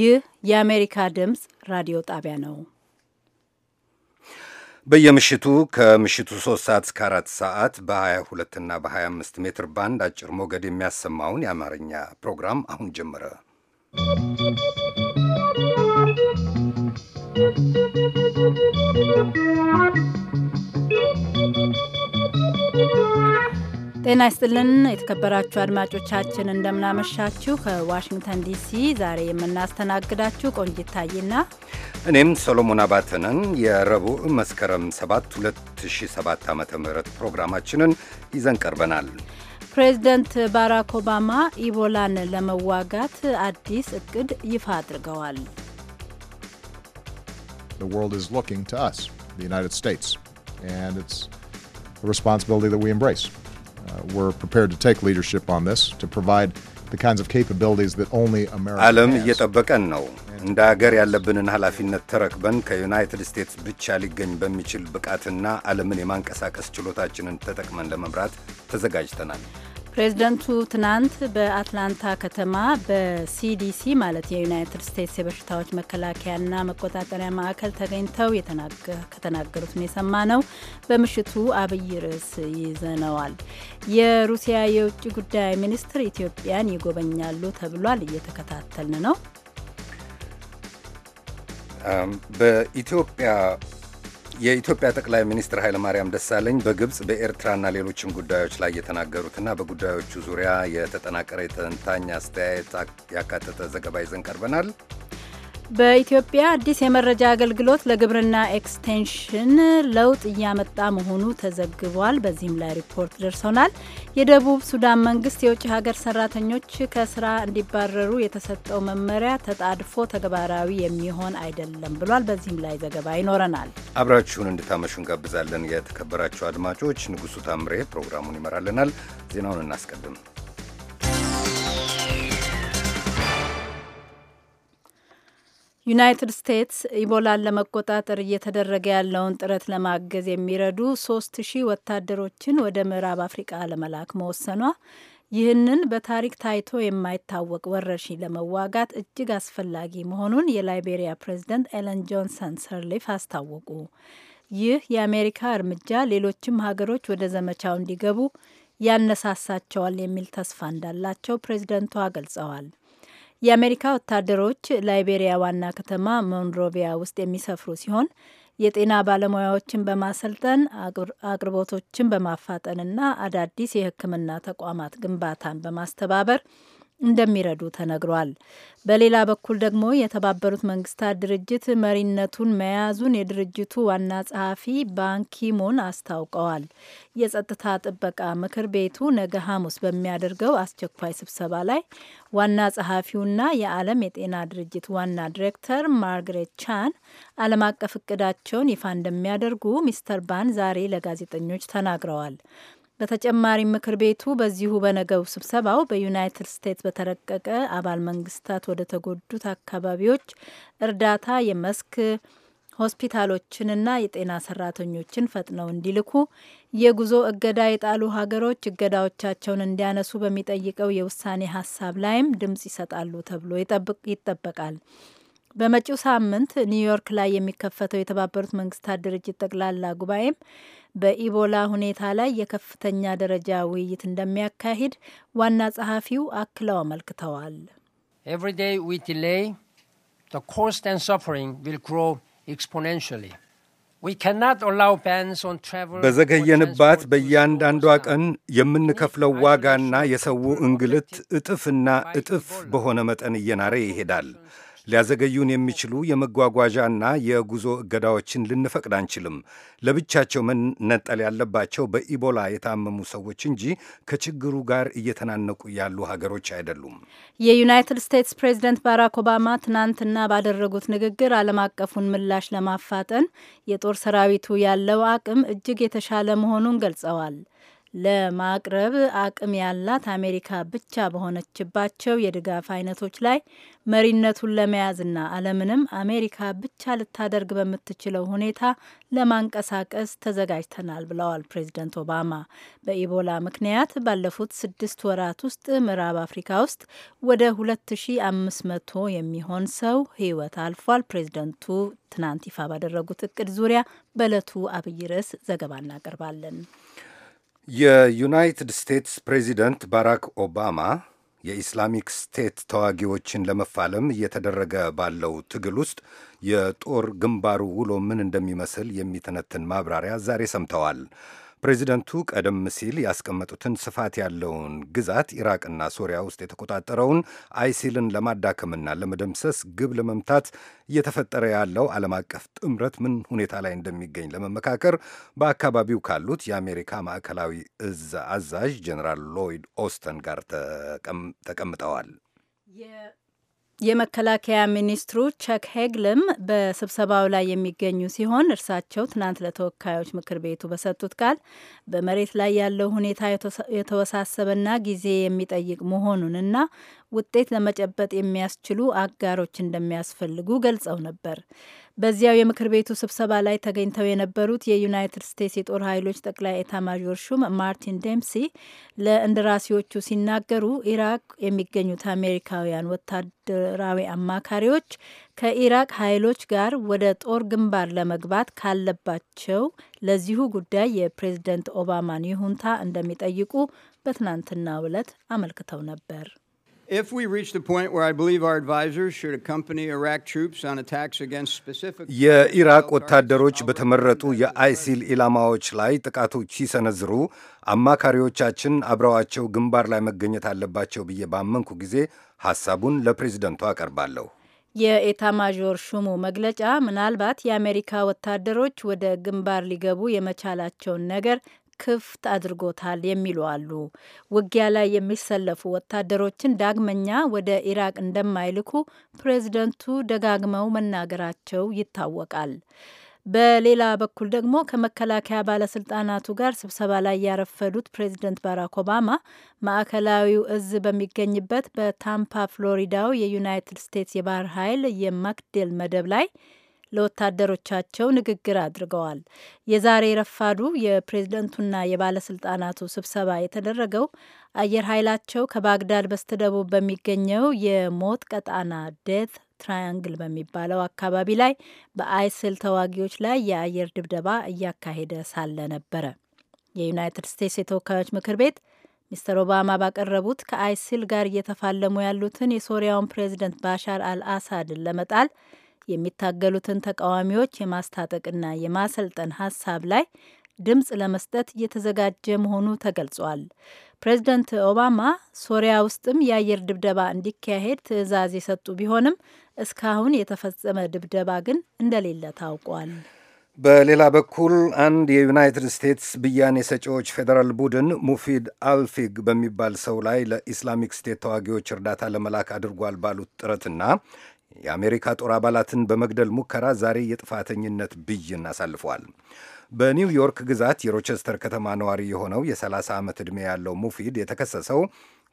ይህ የአሜሪካ ድምፅ ራዲዮ ጣቢያ ነው። በየምሽቱ ከምሽቱ 3 ሰዓት እስከ 4 ሰዓት በ22ና በ25 ሜትር ባንድ አጭር ሞገድ የሚያሰማውን የአማርኛ ፕሮግራም አሁን ጀመረ። ¶¶ ጤና ይስጥልን የተከበራችሁ አድማጮቻችን፣ እንደምናመሻችሁ። ከዋሽንግተን ዲሲ ዛሬ የምናስተናግዳችሁ ቆንጂት ታይና እኔም ሰሎሞን አባተነን። የረቡዕ መስከረም 7 2007 ዓ ም ፕሮግራማችንን ይዘን ቀርበናል። ፕሬዚደንት ባራክ ኦባማ ኢቦላን ለመዋጋት አዲስ እቅድ ይፋ አድርገዋል። The world is looking to us, the United States, and it's the responsibility that we embrace. ዓለም እየጠበቀን ነው። እንደ አገር ያለብንን ኃላፊነት ተረክበን ከዩናይትድ ስቴትስ ብቻ ሊገኝ በሚችል ብቃትና ዓለምን የማንቀሳቀስ ችሎታችንን ተጠቅመን ለመምራት ተዘጋጅተናል። ፕሬዝደንቱ ትናንት በአትላንታ ከተማ በሲዲሲ ማለት የዩናይትድ ስቴትስ የበሽታዎች መከላከያና መቆጣጠሪያ ማዕከል ተገኝተው ከተናገሩት ነው ነው። በምሽቱ አብይ ርዕስ ይዘነዋል። የሩሲያ የውጭ ጉዳይ ሚኒስትር ኢትዮጵያን ይጎበኛሉ ተብሏል። እየተከታተልን ነው። በኢትዮጵያ የኢትዮጵያ ጠቅላይ ሚኒስትር ኃይለማርያም ደሳለኝ በግብፅ በኤርትራና ሌሎችም ጉዳዮች ላይ የተናገሩትና በጉዳዮቹ ዙሪያ የተጠናቀረ የተንታኝ አስተያየት ያካተተ ዘገባ ይዘን ቀርበናል። በኢትዮጵያ አዲስ የመረጃ አገልግሎት ለግብርና ኤክስቴንሽን ለውጥ እያመጣ መሆኑ ተዘግቧል። በዚህም ላይ ሪፖርት ደርሶናል። የደቡብ ሱዳን መንግስት የውጭ ሀገር ሰራተኞች ከስራ እንዲባረሩ የተሰጠው መመሪያ ተጣድፎ ተግባራዊ የሚሆን አይደለም ብሏል። በዚህም ላይ ዘገባ ይኖረናል። አብራችሁን እንድታመሹ እንጋብዛለን። የተከበራቸው አድማጮች፣ ንጉሱ ታምሬ ፕሮግራሙን ይመራልናል። ዜናውን እናስቀድም። ዩናይትድ ስቴትስ ኢቦላን ለመቆጣጠር እየተደረገ ያለውን ጥረት ለማገዝ የሚረዱ ሶስት ሺህ ወታደሮችን ወደ ምዕራብ አፍሪቃ ለመላክ መወሰኗ ይህንን በታሪክ ታይቶ የማይታወቅ ወረርሽኝ ለመዋጋት እጅግ አስፈላጊ መሆኑን የላይቤሪያ ፕሬዝደንት ኤለን ጆንሰን ሰርሊፍ አስታወቁ። ይህ የአሜሪካ እርምጃ ሌሎችም ሀገሮች ወደ ዘመቻው እንዲገቡ ያነሳሳቸዋል የሚል ተስፋ እንዳላቸው ፕሬዝደንቷ ገልጸዋል። የአሜሪካ ወታደሮች ላይቤሪያ ዋና ከተማ ሞንሮቪያ ውስጥ የሚሰፍሩ ሲሆን የጤና ባለሙያዎችን በማሰልጠን አቅርቦቶችን በማፋጠንና አዳዲስ የሕክምና ተቋማት ግንባታን በማስተባበር እንደሚረዱ ተነግሯል። በሌላ በኩል ደግሞ የተባበሩት መንግስታት ድርጅት መሪነቱን መያዙን የድርጅቱ ዋና ጸሐፊ ባንኪሙን አስታውቀዋል። የጸጥታ ጥበቃ ምክር ቤቱ ነገ ሐሙስ በሚያደርገው አስቸኳይ ስብሰባ ላይ ዋና ጸሐፊውና የዓለም የጤና ድርጅት ዋና ዲሬክተር ማርግሬት ቻን ዓለም አቀፍ እቅዳቸውን ይፋ እንደሚያደርጉ ሚስተር ባን ዛሬ ለጋዜጠኞች ተናግረዋል። በተጨማሪም ምክር ቤቱ በዚሁ በነገው ስብሰባው በዩናይትድ ስቴትስ በተረቀቀ አባል መንግስታት ወደ ተጎዱት አካባቢዎች እርዳታ የመስክ ሆስፒታሎችንና የጤና ሰራተኞችን ፈጥነው እንዲልኩ የጉዞ እገዳ የጣሉ ሀገሮች እገዳዎቻቸውን እንዲያነሱ በሚጠይቀው የውሳኔ ሀሳብ ላይም ድምጽ ይሰጣሉ ተብሎ ይጠበቃል። በመጪው ሳምንት ኒውዮርክ ላይ የሚከፈተው የተባበሩት መንግስታት ድርጅት ጠቅላላ ጉባኤም በኢቦላ ሁኔታ ላይ የከፍተኛ ደረጃ ውይይት እንደሚያካሂድ ዋና ጸሐፊው አክለው አመልክተዋል። በዘገየንባት በእያንዳንዷ ቀን የምንከፍለው ዋጋና የሰው እንግልት እጥፍና እጥፍ በሆነ መጠን እየናረ ይሄዳል። ሊያዘገዩን የሚችሉ የመጓጓዣና የጉዞ እገዳዎችን ልንፈቅድ አንችልም። ለብቻቸው መነጠል ያለባቸው በኢቦላ የታመሙ ሰዎች እንጂ ከችግሩ ጋር እየተናነቁ ያሉ ሀገሮች አይደሉም። የዩናይትድ ስቴትስ ፕሬዚደንት ባራክ ኦባማ ትናንትና ባደረጉት ንግግር ዓለም አቀፉን ምላሽ ለማፋጠን የጦር ሰራዊቱ ያለው አቅም እጅግ የተሻለ መሆኑን ገልጸዋል። ለማቅረብ አቅም ያላት አሜሪካ ብቻ በሆነችባቸው የድጋፍ አይነቶች ላይ መሪነቱን ለመያዝና ዓለምንም አሜሪካ ብቻ ልታደርግ በምትችለው ሁኔታ ለማንቀሳቀስ ተዘጋጅተናል ብለዋል ፕሬዚደንት ኦባማ። በኢቦላ ምክንያት ባለፉት ስድስት ወራት ውስጥ ምዕራብ አፍሪካ ውስጥ ወደ 2500 የሚሆን ሰው ሕይወት አልፏል። ፕሬዚደንቱ ትናንት ይፋ ባደረጉት እቅድ ዙሪያ በዕለቱ አብይ ርዕስ ዘገባ እናቀርባለን። የዩናይትድ ስቴትስ ፕሬዚደንት ባራክ ኦባማ የኢስላሚክ ስቴት ተዋጊዎችን ለመፋለም እየተደረገ ባለው ትግል ውስጥ የጦር ግንባሩ ውሎ ምን እንደሚመስል የሚተነትን ማብራሪያ ዛሬ ሰምተዋል። ፕሬዚደንቱ ቀደም ሲል ያስቀመጡትን ስፋት ያለውን ግዛት ኢራቅና ሶሪያ ውስጥ የተቆጣጠረውን አይሲልን ለማዳከምና ለመደምሰስ ግብ ለመምታት እየተፈጠረ ያለው ዓለም አቀፍ ጥምረት ምን ሁኔታ ላይ እንደሚገኝ ለመመካከር በአካባቢው ካሉት የአሜሪካ ማዕከላዊ እዝ አዛዥ ጀኔራል ሎይድ ኦስተን ጋር ተቀምጠዋል። የመከላከያ ሚኒስትሩ ቸክ ሄግልም በስብሰባው ላይ የሚገኙ ሲሆን እርሳቸው ትናንት ለተወካዮች ምክር ቤቱ በሰጡት ቃል በመሬት ላይ ያለው ሁኔታ የተወሳሰበና ጊዜ የሚጠይቅ መሆኑንና ውጤት ለመጨበጥ የሚያስችሉ አጋሮች እንደሚያስፈልጉ ገልጸው ነበር። በዚያው የምክር ቤቱ ስብሰባ ላይ ተገኝተው የነበሩት የዩናይትድ ስቴትስ የጦር ኃይሎች ጠቅላይ ኤታማዦር ሹም ማርቲን ደምሲ ለእንድራሲዎቹ ሲናገሩ ኢራቅ የሚገኙት አሜሪካውያን ወታደራዊ አማካሪዎች ከኢራቅ ኃይሎች ጋር ወደ ጦር ግንባር ለመግባት ካለባቸው ለዚሁ ጉዳይ የፕሬዝደንት ኦባማን ይሁንታ እንደሚጠይቁ በትናንትናው ዕለት አመልክተው ነበር። If we reach the point where I believe our advisors should accompany Iraq troops on attacks against specific የኢራቅ ወታደሮች በተመረጡ የአይሲል ኢላማዎች ላይ ጥቃቶች ሲሰነዝሩ አማካሪዎቻችን አብረዋቸው ግንባር ላይ መገኘት አለባቸው ብዬ ባመንኩ ጊዜ ሐሳቡን ለፕሬዝደንቱ አቀርባለሁ። የኤታማዦር ሹሙ መግለጫ ምናልባት የአሜሪካ ወታደሮች ወደ ግንባር ሊገቡ የመቻላቸውን ነገር ክፍት አድርጎታል የሚሉ አሉ። ውጊያ ላይ የሚሰለፉ ወታደሮችን ዳግመኛ ወደ ኢራቅ እንደማይልኩ ፕሬዚደንቱ ደጋግመው መናገራቸው ይታወቃል። በሌላ በኩል ደግሞ ከመከላከያ ባለስልጣናቱ ጋር ስብሰባ ላይ ያረፈዱት ፕሬዚደንት ባራክ ኦባማ ማዕከላዊው እዝ በሚገኝበት በታምፓ ፍሎሪዳው የዩናይትድ ስቴትስ የባህር ኃይል የማክዴል መደብ ላይ ለወታደሮቻቸው ንግግር አድርገዋል። የዛሬ ረፋዱ የፕሬዝደንቱና የባለስልጣናቱ ስብሰባ የተደረገው አየር ኃይላቸው ከባግዳድ በስተደቡብ በሚገኘው የሞት ቀጣና ዴት ትራያንግል በሚባለው አካባቢ ላይ በአይስል ተዋጊዎች ላይ የአየር ድብደባ እያካሄደ ሳለ ነበረ። የዩናይትድ ስቴትስ የተወካዮች ምክር ቤት ሚስተር ኦባማ ባቀረቡት ከአይሲል ጋር እየተፋለሙ ያሉትን የሶሪያውን ፕሬዚደንት ባሻር አልአሳድን ለመጣል የሚታገሉትን ተቃዋሚዎች የማስታጠቅና የማሰልጠን ሀሳብ ላይ ድምፅ ለመስጠት እየተዘጋጀ መሆኑ ተገልጿል። ፕሬዚደንት ኦባማ ሶሪያ ውስጥም የአየር ድብደባ እንዲካሄድ ትዕዛዝ የሰጡ ቢሆንም እስካሁን የተፈጸመ ድብደባ ግን እንደሌለ ታውቋል። በሌላ በኩል አንድ የዩናይትድ ስቴትስ ብያኔ ሰጪዎች ፌዴራል ቡድን ሙፊድ አልፊግ በሚባል ሰው ላይ ለኢስላሚክ ስቴት ተዋጊዎች እርዳታ ለመላክ አድርጓል ባሉት ጥረትና የአሜሪካ ጦር አባላትን በመግደል ሙከራ ዛሬ የጥፋተኝነት ብይን አሳልፏል። በኒውዮርክ ግዛት የሮቸስተር ከተማ ነዋሪ የሆነው የ30 ዓመት ዕድሜ ያለው ሙፊድ የተከሰሰው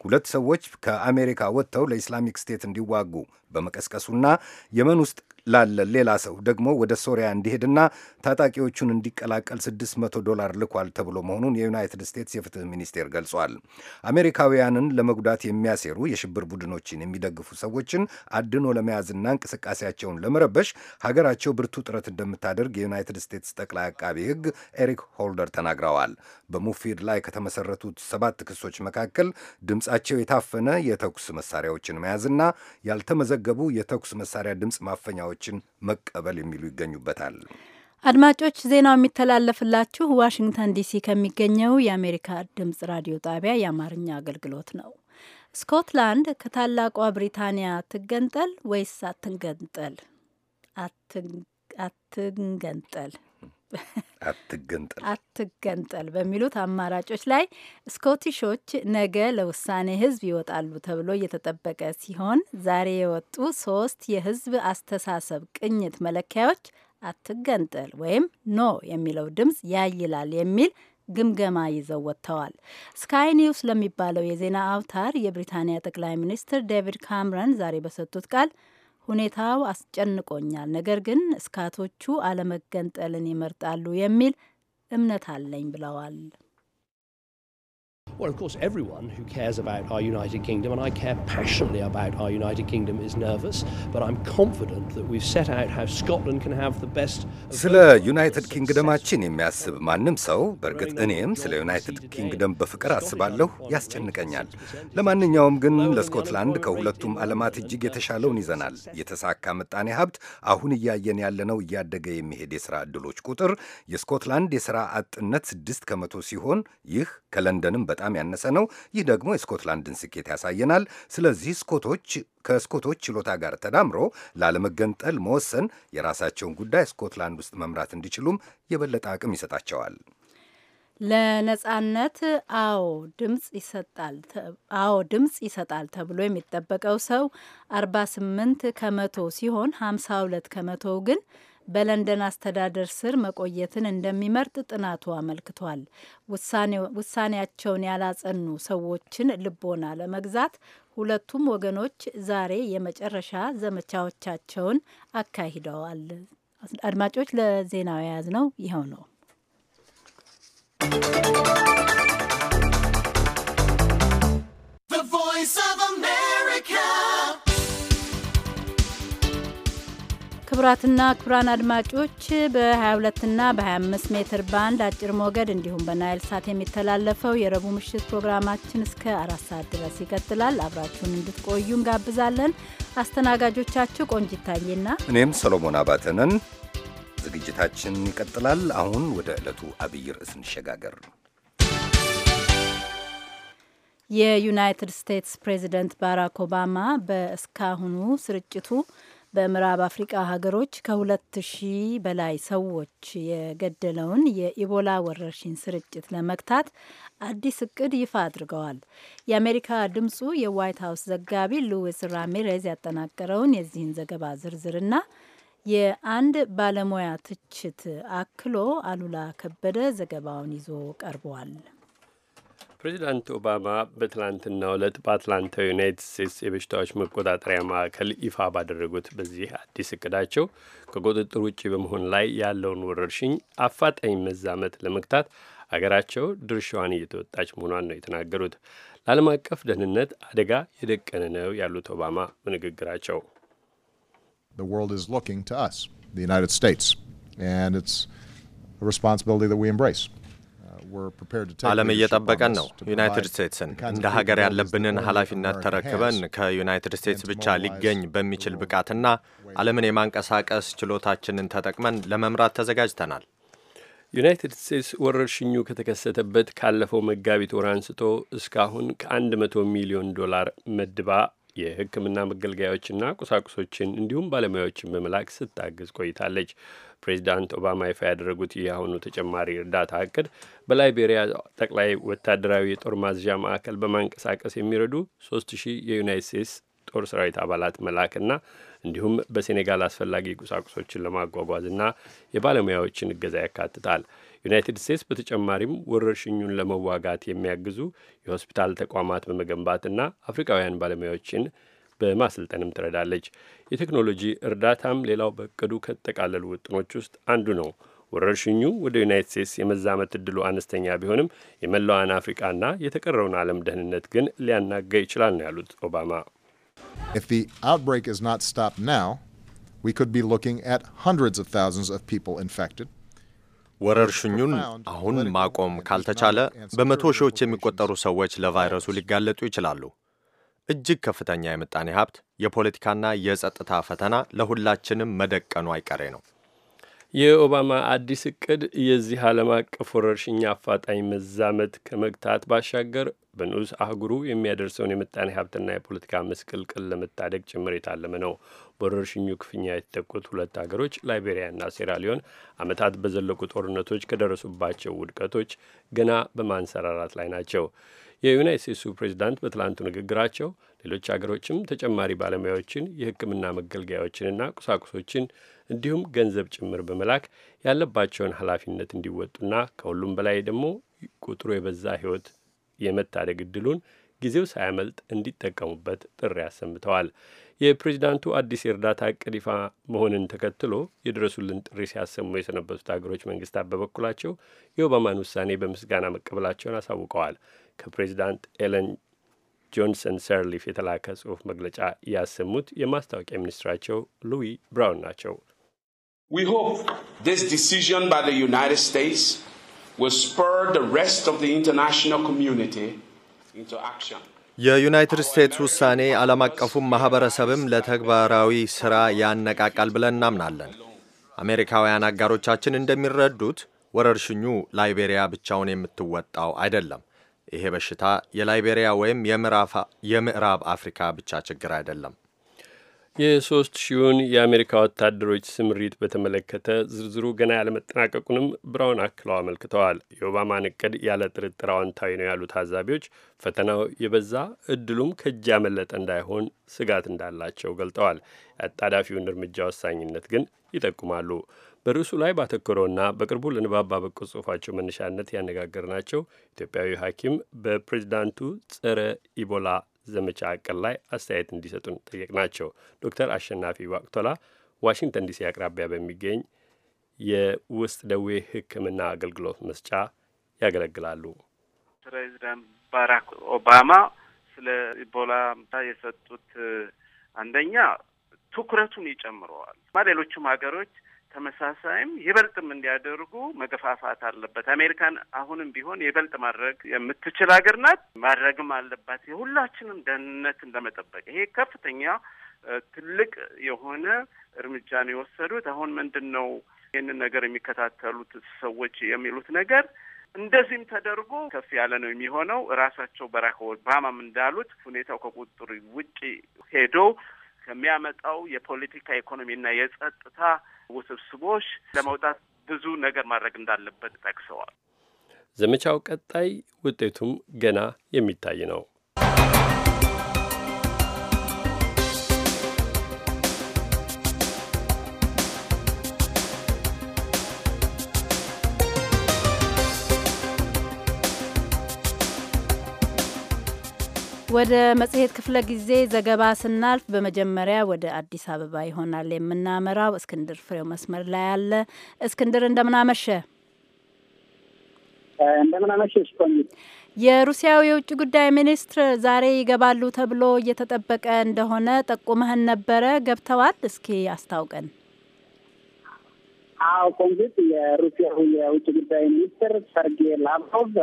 ሁለት ሰዎች ከአሜሪካ ወጥተው ለኢስላሚክ ስቴት እንዲዋጉ በመቀስቀሱና የመን ውስጥ ላለ ሌላ ሰው ደግሞ ወደ ሶሪያ እንዲሄድና ታጣቂዎቹን እንዲቀላቀል 600 ዶላር ልኳል ተብሎ መሆኑን የዩናይትድ ስቴትስ የፍትህ ሚኒስቴር ገልጿል። አሜሪካውያንን ለመጉዳት የሚያሴሩ የሽብር ቡድኖችን የሚደግፉ ሰዎችን አድኖ ለመያዝና እንቅስቃሴያቸውን ለመረበሽ ሀገራቸው ብርቱ ጥረት እንደምታደርግ የዩናይትድ ስቴትስ ጠቅላይ አቃቢ ሕግ ኤሪክ ሆልደር ተናግረዋል። በሙፊድ ላይ ከተመሰረቱት ሰባት ክሶች መካከል ድምፃቸው የታፈነ የተኩስ መሳሪያዎችን መያዝና ያልተመዘገቡ የተኩስ መሳሪያ ድምፅ ማፈኛዎች ጥያቄዎችን መቀበል የሚሉ ይገኙበታል። አድማጮች ዜናው የሚተላለፍላችሁ ዋሽንግተን ዲሲ ከሚገኘው የአሜሪካ ድምጽ ራዲዮ ጣቢያ የአማርኛ አገልግሎት ነው። ስኮትላንድ ከታላቋ ብሪታንያ ትገንጠል ወይስ አትንገንጠል? አትንገንጠል አትገንጠል አትገንጠል በሚሉት አማራጮች ላይ ስኮቲሾች ነገ ለውሳኔ ህዝብ ይወጣሉ ተብሎ እየተጠበቀ ሲሆን ዛሬ የወጡ ሶስት የህዝብ አስተሳሰብ ቅኝት መለኪያዎች አትገንጠል ወይም ኖ የሚለው ድምፅ ያይላል የሚል ግምገማ ይዘው ወጥተዋል። ስካይ ኒውስ ለሚባለው የዜና አውታር የብሪታንያ ጠቅላይ ሚኒስትር ዴቪድ ካምረን ዛሬ በሰጡት ቃል ሁኔታው አስጨንቆኛል፣ ነገር ግን እስካቶቹ አለመገንጠልን ይመርጣሉ የሚል እምነት አለኝ ብለዋል። Well, of course, everyone who cares about our United Kingdom, and I care passionately about our United Kingdom, is nervous, but I'm confident that we've set out how Scotland can have the best. ስለ ዩናይትድ ኪንግደማችን የሚያስብ ማንም ሰው በእርግጥ እኔም ስለ ዩናይትድ ኪንግደም በፍቅር አስባለሁ፣ ያስጨንቀኛል። ለማንኛውም ግን ለስኮትላንድ ከሁለቱም ዓለማት እጅግ የተሻለውን ይዘናል። የተሳካ ምጣኔ ሀብት፣ አሁን እያየን ያለነው እያደገ የሚሄድ የሥራ ዕድሎች ቁጥር፣ የስኮትላንድ የሥራ አጥነት ስድስት ከመቶ ሲሆን ይህ ከለንደንም በጣም በጣም ያነሰ ነው። ይህ ደግሞ የስኮትላንድን ስኬት ያሳየናል። ስለዚህ ስኮቶች ከስኮቶች ችሎታ ጋር ተዳምሮ ላለመገንጠል መወሰን የራሳቸውን ጉዳይ ስኮትላንድ ውስጥ መምራት እንዲችሉም የበለጠ አቅም ይሰጣቸዋል። ለነጻነት አዎ ድምጽ ይሰጣል አዎ ድምጽ ይሰጣል ተብሎ የሚጠበቀው ሰው 48 ከመቶ ሲሆን 52 ከመቶ ግን በለንደን አስተዳደር ስር መቆየትን እንደሚመርጥ ጥናቱ አመልክቷል። ውሳኔያቸውን ያላጸኑ ሰዎችን ልቦና ለመግዛት ሁለቱም ወገኖች ዛሬ የመጨረሻ ዘመቻዎቻቸውን አካሂደዋል። አድማጮች፣ ለዜናው የያዝ ነው ይኸው ነው። ክቡራትና ክቡራን አድማጮች በ22ና በ25 ሜትር ባንድ አጭር ሞገድ እንዲሁም በናይል ሳት የሚተላለፈው የረቡዕ ምሽት ፕሮግራማችን እስከ አራት ሰዓት ድረስ ይቀጥላል። አብራችሁን እንድትቆዩ እንጋብዛለን። አስተናጋጆቻችሁ ቆንጅ ታዬና እኔም ሰሎሞን አባተነን። ዝግጅታችን ይቀጥላል። አሁን ወደ ዕለቱ አብይ ርዕስ እንሸጋገር። የዩናይትድ ስቴትስ ፕሬዚደንት ባራክ ኦባማ በእስካሁኑ ስርጭቱ በምዕራብ አፍሪቃ ሀገሮች ከሁለት ሺህ በላይ ሰዎች የገደለውን የኢቦላ ወረርሽኝ ስርጭት ለመግታት አዲስ እቅድ ይፋ አድርገዋል። የአሜሪካ ድምጹ የዋይት ሀውስ ዘጋቢ ሉዊስ ራሜሬዝ ያጠናቀረውን የዚህን ዘገባ ዝርዝርና የአንድ ባለሙያ ትችት አክሎ አሉላ ከበደ ዘገባውን ይዞ ቀርበዋል። ፕሬዚዳንት ኦባማ በትላንትና ዕለት በአትላንታ ዩናይትድ ስቴትስ የበሽታዎች መቆጣጠሪያ ማዕከል ይፋ ባደረጉት በዚህ አዲስ እቅዳቸው ከቁጥጥር ውጭ በመሆን ላይ ያለውን ወረርሽኝ አፋጣኝ መዛመት ለመግታት አገራቸው ድርሻዋን እየተወጣች መሆኗን ነው የተናገሩት። ለዓለም አቀፍ ደህንነት አደጋ የደቀነ ነው ያሉት ኦባማ በንግግራቸው ዩናይትድ ስቴትስ ዓለም እየጠበቀን ነው። ዩናይትድ ስቴትስን እንደ ሀገር ያለብንን ኃላፊነት ተረክበን ከዩናይትድ ስቴትስ ብቻ ሊገኝ በሚችል ብቃትና ዓለምን የማንቀሳቀስ ችሎታችንን ተጠቅመን ለመምራት ተዘጋጅተናል። ዩናይትድ ስቴትስ ወረርሽኙ ከተከሰተበት ካለፈው መጋቢት ወር አንስቶ እስካሁን ከአንድ መቶ ሚሊዮን ዶላር መድባ የሕክምና መገልገያዎችና ቁሳቁሶችን እንዲሁም ባለሙያዎችን በመላክ ስታግዝ ቆይታለች። ፕሬዚዳንት ኦባማ ይፋ ያደረጉት የአሁኑ ተጨማሪ እርዳታ እቅድ በላይቤሪያ ጠቅላይ ወታደራዊ የጦር ማዝዣ ማዕከል በማንቀሳቀስ የሚረዱ ሶስት ሺህ የዩናይት ስቴትስ ጦር ሰራዊት አባላት መላክና እንዲሁም በሴኔጋል አስፈላጊ ቁሳቁሶችን ለማጓጓዝና የባለሙያዎችን እገዛ ያካትታል። ዩናይትድ ስቴትስ በተጨማሪም ወረርሽኙን ለመዋጋት የሚያግዙ የሆስፒታል ተቋማት በመገንባትና አፍሪካውያን ባለሙያዎችን በማሰልጠንም ትረዳለች። የቴክኖሎጂ እርዳታም ሌላው በእቅዱ ከተጠቃለሉ ውጥኖች ውስጥ አንዱ ነው። ወረርሽኙ ወደ ዩናይት ስቴትስ የመዛመት እድሉ አነስተኛ ቢሆንም የመላዋን አፍሪቃና የተቀረውን ዓለም ደህንነት ግን ሊያናጋ ይችላል ነው ያሉት ኦባማ። outbreak is not stopped now, we could be looking at hundreds of thousands of people infected. ወረርሽኙን አሁን ማቆም ካልተቻለ በመቶ ሺዎች የሚቆጠሩ ሰዎች ለቫይረሱ ሊጋለጡ ይችላሉ። እጅግ ከፍተኛ የምጣኔ ሀብት፣ የፖለቲካና የጸጥታ ፈተና ለሁላችንም መደቀኑ አይቀሬ ነው። የኦባማ አዲስ እቅድ የዚህ ዓለም አቀፍ ወረርሽኝ አፋጣኝ መዛመት ከመግታት ባሻገር በንዑስ አህጉሩ የሚያደርሰውን የምጣኔ ሀብትና የፖለቲካ መስቀልቅል ለመታደግ ጭምር የታለመ ነው። በወረርሽኙ ክፍኛ የተጠቁት ሁለት ሀገሮች ላይቤሪያና ሴራሊዮን ዓመታት በዘለቁ ጦርነቶች ከደረሱባቸው ውድቀቶች ገና በማንሰራራት ላይ ናቸው። የዩናይት ስቴትሱ ፕሬዚዳንት በትላንቱ ንግግራቸው ሌሎች አገሮችም ተጨማሪ ባለሙያዎችን የሕክምና መገልገያዎችንና ቁሳቁሶችን እንዲሁም ገንዘብ ጭምር በመላክ ያለባቸውን ኃላፊነት እንዲወጡና ከሁሉም በላይ ደግሞ ቁጥሩ የበዛ ሕይወት የመታደግ እድሉን ጊዜው ሳያመልጥ እንዲጠቀሙበት ጥሪ አሰምተዋል። የፕሬዚዳንቱ አዲስ የእርዳታ እቅድ ይፋ መሆንን ተከትሎ የድረሱልን ጥሪ ሲያሰሙ የሰነበቱት አገሮች መንግስታት በበኩላቸው የኦባማን ውሳኔ በምስጋና መቀበላቸውን አሳውቀዋል። ከፕሬዚዳንት ኤለን ጆንሰን ሰርሊፍ የተላከ ጽሑፍ መግለጫ ያሰሙት የማስታወቂያ ሚኒስትራቸው ሉዊ ብራውን ናቸው። We hope this decision by the United States will spur the rest of the international community into action. የዩናይትድ ስቴትስ ውሳኔ ዓለም አቀፉም ማኅበረሰብም ለተግባራዊ ሥራ ያነቃቃል ብለን እናምናለን። አሜሪካውያን አጋሮቻችን እንደሚረዱት ወረርሽኙ ላይቤሪያ ብቻውን የምትወጣው አይደለም። ይሄ በሽታ የላይቤሪያ ወይም የምዕራብ አፍሪካ ብቻ ችግር አይደለም። የሶስት ሺውን የአሜሪካ ወታደሮች ስምሪት በተመለከተ ዝርዝሩ ገና ያለመጠናቀቁንም ብራውን አክለው አመልክተዋል። የኦባማን እቅድ ያለ ጥርጥር አዎንታዊ ነው ያሉ ታዛቢዎች ፈተናው የበዛ እድሉም ከእጅ ያመለጠ እንዳይሆን ስጋት እንዳላቸው ገልጠዋል። የአጣዳፊውን እርምጃ ወሳኝነት ግን ይጠቁማሉ። በርዕሱ ላይ ባተኮረውና በቅርቡ ለንባብ ባበቁ ጽሁፋቸው መነሻነት ናቸው ኢትዮጵያዊ ሐኪም በፕሬዚዳንቱ ጸረ ኢቦላ ዘመቻ አቅል ላይ አስተያየት እንዲሰጡን ናቸው። ዶክተር አሸናፊ ዋቅቶላ ዋሽንግተን ዲሲ አቅራቢያ በሚገኝ የውስጥ ደዌ ሕክምና አገልግሎት መስጫ ያገለግላሉ። ፕሬዚዳንት ባራክ ኦባማ ስለ ኢቦላ የሰጡት አንደኛ ትኩረቱን ይጨምረዋል ማ ሌሎቹም ሀገሮች ተመሳሳይም ይበልጥም እንዲያደርጉ መገፋፋት አለበት። አሜሪካን አሁንም ቢሆን ይበልጥ ማድረግ የምትችል ሀገር ናት፣ ማድረግም አለባት የሁላችንም ደህንነትን ለመጠበቅ። ይሄ ከፍተኛ ትልቅ የሆነ እርምጃ ነው የወሰዱት። አሁን ምንድን ነው ይህንን ነገር የሚከታተሉት ሰዎች የሚሉት ነገር እንደዚህም ተደርጎ ከፍ ያለ ነው የሚሆነው። ራሳቸው በራክ ኦባማም እንዳሉት ሁኔታው ከቁጥጥር ውጪ ሄዶ ከሚያመጣው የፖለቲካ ኢኮኖሚና የጸጥታ ውስብስቦች ለመውጣት ብዙ ነገር ማድረግ እንዳለበት ጠቅሰዋል። ዘመቻው ቀጣይ ውጤቱም ገና የሚታይ ነው። ወደ መጽሔት ክፍለ ጊዜ ዘገባ ስናልፍ በመጀመሪያ ወደ አዲስ አበባ ይሆናል የምናመራው። እስክንድር ፍሬው መስመር ላይ አለ። እስክንድር እንደምናመሸ እንደምናመሸ። የሩሲያው የውጭ ጉዳይ ሚኒስትር ዛሬ ይገባሉ ተብሎ እየተጠበቀ እንደሆነ ጠቁመህን ነበረ። ገብተዋል? እስኪ አስታውቀን። አዎ ቆንጆ። የሩሲያው የውጭ ጉዳይ ሚኒስትር ሰርጌ ላቭሮቭ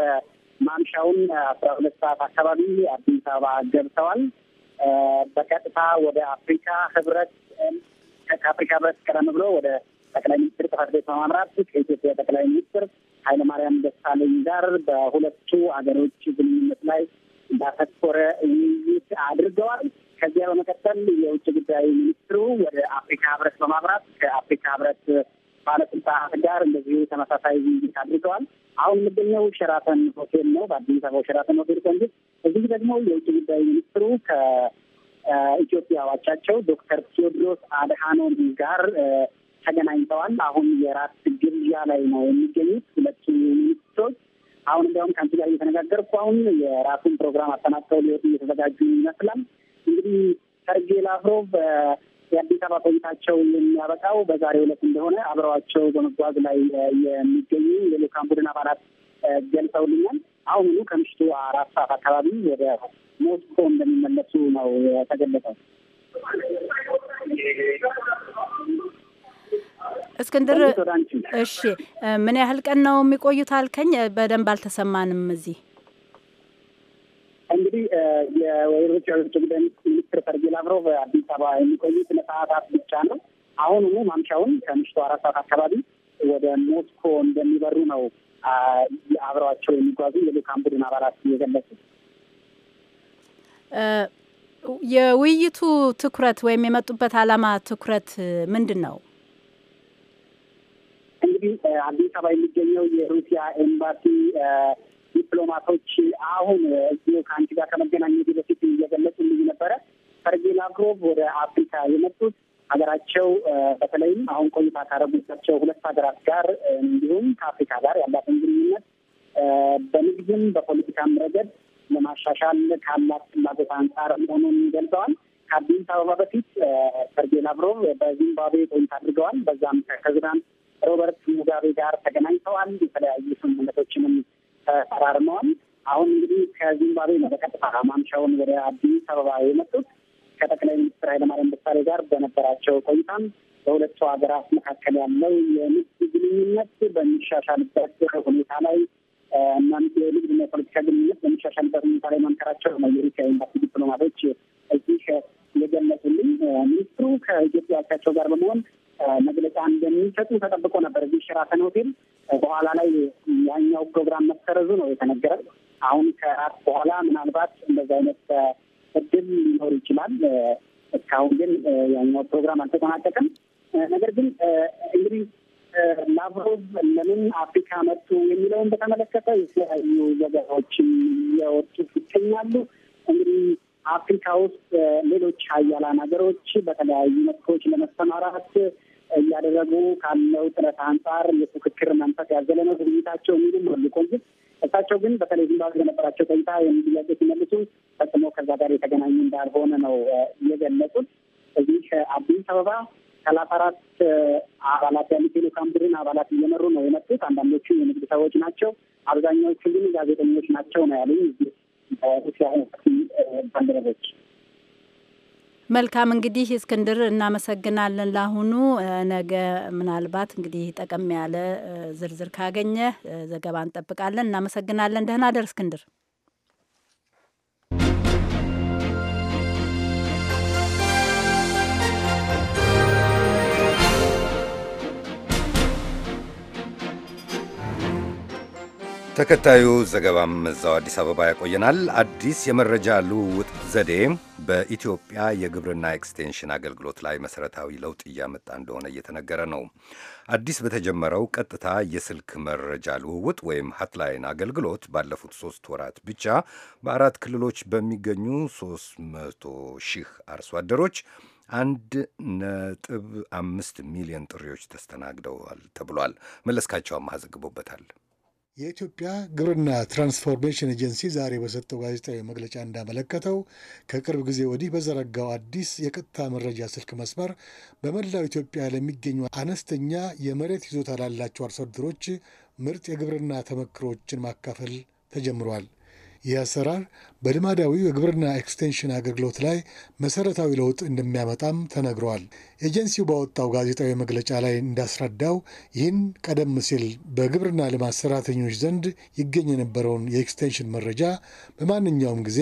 ማምሻውን አስራ ሁለት ሰዓት አካባቢ አዲስ አበባ ገብተዋል። በቀጥታ ወደ አፍሪካ ህብረት ከአፍሪካ ህብረት ቀደም ብሎ ወደ ጠቅላይ ሚኒስትር ጽሕፈት ቤት በማምራት ከኢትዮጵያ ጠቅላይ ሚኒስትር ኃይለማርያም ደሳለኝ ጋር በሁለቱ አገሮች ግንኙነት ላይ ባተኮረ ውይይት አድርገዋል። ከዚያ በመቀጠል የውጭ ጉዳይ ሚኒስትሩ ወደ አፍሪካ ህብረት በማምራት ከአፍሪካ ህብረት ባለስልጣናት ጋር እንደዚሁ ተመሳሳይ ውይይት አድርገዋል። አሁን የምገኘው ሸራተን ሆቴል ነው፣ በአዲስ አበባ ሸራተን ሆቴል ቆንጅት። እዚህ ደግሞ የውጭ ጉዳይ ሚኒስትሩ ከኢትዮጵያ አቻቸው ዶክተር ቴዎድሮስ አድሃኖም ጋር ተገናኝተዋል። አሁን የራት ግብዣ ላይ ነው የሚገኙት ሁለቱ ሚኒስትሮች። አሁን እንዲያውም ከአንቺ ጋር እየተነጋገርኩ አሁን የራሱን ፕሮግራም አጠናቅቀው ሊወጡ እየተዘጋጁ ይመስላል። እንግዲህ ሰርጌ ላቭሮቭ የአዲስ አበባ ቆይታቸው የሚያበቃው በዛሬው ዕለት እንደሆነ አብረዋቸው በመጓዝ ላይ የሚገኙ የልዑካን ቡድን አባላት ገልጸውልኛል። አሁኑ ከምሽቱ አራት ሰዓት አካባቢ ወደ ሞስኮ እንደሚመለሱ ነው የተገለጸው። እስክንድር፣ እሺ፣ ምን ያህል ቀን ነው የሚቆዩት አልከኝ? በደንብ አልተሰማንም እዚህ እንግዲህ የውጭ ጉዳይ ሚኒስትር ሰርጌ ላቭሮቭ አዲስ አበባ የሚቆዩት ለሰዓታት ብቻ ነው። አሁኑኑ ማምሻውን ከምሽቱ አራት ሰዓት አካባቢ ወደ ሞስኮ እንደሚበሩ ነው አብረዋቸው የሚጓዙ የልዑካን ቡድን አባላት እየገለጹ የውይይቱ ትኩረት ወይም የመጡበት ዓላማ ትኩረት ምንድን ነው? እንግዲህ አዲስ አበባ የሚገኘው የሩሲያ ኤምባሲ ዲፕሎማቶች አሁን እዚሁ ከአንቺ ጋር ከመገናኘት በፊት እየገለጹልኝ ነበረ። ሰርጌ ላቭሮቭ ወደ አፍሪካ የመጡት ሀገራቸው በተለይም አሁን ቆይታ ካረጉቻቸው ሁለት ሀገራት ጋር እንዲሁም ከአፍሪካ ጋር ያላትን ግንኙነት በንግድም በፖለቲካም ረገድ ለማሻሻል ካላት ፍላጎት አንጻር መሆኑን ገልጸዋል። ከአዲስ አበባ በፊት ሰርጌ ላቭሮቭ በዚምባብዌ ቆይታ አድርገዋል። በዛም ከፕሬዚዳንት ሮበርት ሙጋቤ ጋር ተገናኝተዋል። የተለያዩ ስምምነቶችንም ተፈራርመዋል። አሁን እንግዲህ ከዚምባብዌ ነው በቀጥታ ማምሻውን ወደ አዲስ አበባ የመጡት። ከጠቅላይ ሚኒስትር ኃይለማርያም ደሳሌ ጋር በነበራቸው ቆይታም በሁለቱ ሀገራት መካከል ያለው የንግድ ግንኙነት በሚሻሻልበት ሁኔታ ላይ እና የንግድና የፖለቲካ ግንኙነት በሚሻሻልበት ሁኔታ ላይ መምከራቸው ነው የሩሲያ ኤምባሲ ዲፕሎማቶች እዚህ የገለጹልኝ ሚኒስትሩ ከኢትዮጵያ አቻቸው ጋር በመሆን መግለጫ እንደሚሰጡ ተጠብቆ ነበር እዚህ ሸራተን ሆቴል። በኋላ ላይ ያኛው ፕሮግራም መሰረዙ ነው የተነገረው። አሁን ከራት በኋላ ምናልባት እንደዚህ አይነት እድል ሊኖር ይችላል። እስካሁን ግን ያኛው ፕሮግራም አልተጠናቀቅም። ነገር ግን እንግዲህ ላቭሮቭ ለምን አፍሪካ መጡ የሚለውን በተመለከተ የተለያዩ ዘገባዎችም የወጡ ይገኛሉ። እንግዲህ አፍሪካ ውስጥ ሌሎች ሀያላን ሀገሮች በተለያዩ መስኮች ለመሰማራት እያደረጉ ካለው ጥረት አንጻር የፉክክር መንፈስ ያዘለ ነው ግብይታቸው የሚሉም አሉ። ኮንዝ እሳቸው ግን በተለይ ዚምባብዌ የነበራቸው ቆይታ የሚያቄ ሲመልሱ ፈጽሞ ከዛ ጋር የተገናኙ እንዳልሆነ ነው እየገለጹት። እዚህ አዲስ አበባ ሰላሳ አራት አባላት ያሉት የልዑካን ቡድን አባላት እየመሩ ነው የመጡት። አንዳንዶቹ የንግድ ሰዎች ናቸው፣ አብዛኛዎቹ ግን ጋዜጠኞች ናቸው ነው ያሉኝ። መልካም እንግዲህ እስክንድር እናመሰግናለን። ለአሁኑ ነገ ምናልባት እንግዲህ ጠቀም ያለ ዝርዝር ካገኘ ዘገባ እንጠብቃለን። እናመሰግናለን። ደህና ደር እስክንድር። ተከታዩ ዘገባም እዛው አዲስ አበባ ያቆየናል። አዲስ የመረጃ ልውውጥ ዘዴ በኢትዮጵያ የግብርና ኤክስቴንሽን አገልግሎት ላይ መሰረታዊ ለውጥ እያመጣ እንደሆነ እየተነገረ ነው። አዲስ በተጀመረው ቀጥታ የስልክ መረጃ ልውውጥ ወይም ሀትላይን አገልግሎት ባለፉት ሶስት ወራት ብቻ በአራት ክልሎች በሚገኙ ሶስት መቶ ሺህ አርሶ አደሮች አንድ ነጥብ አምስት ሚሊዮን ጥሪዎች ተስተናግደዋል ተብሏል። መለስካቸው አማህ ዘግቦበታል። የኢትዮጵያ ግብርና ትራንስፎርሜሽን ኤጀንሲ ዛሬ በሰጠው ጋዜጣዊ መግለጫ እንዳመለከተው ከቅርብ ጊዜ ወዲህ በዘረጋው አዲስ የቀጥታ መረጃ ስልክ መስመር በመላው ኢትዮጵያ ለሚገኙ አነስተኛ የመሬት ይዞታ ላላቸው አርሶ አደሮች ምርጥ የግብርና ተመክሮችን ማካፈል ተጀምሯል። ይህ አሰራር በልማዳዊ የግብርና ኤክስቴንሽን አገልግሎት ላይ መሰረታዊ ለውጥ እንደሚያመጣም ተነግረዋል። ኤጀንሲው ባወጣው ጋዜጣዊ መግለጫ ላይ እንዳስረዳው ይህን ቀደም ሲል በግብርና ልማት ሰራተኞች ዘንድ ይገኝ የነበረውን የኤክስቴንሽን መረጃ በማንኛውም ጊዜ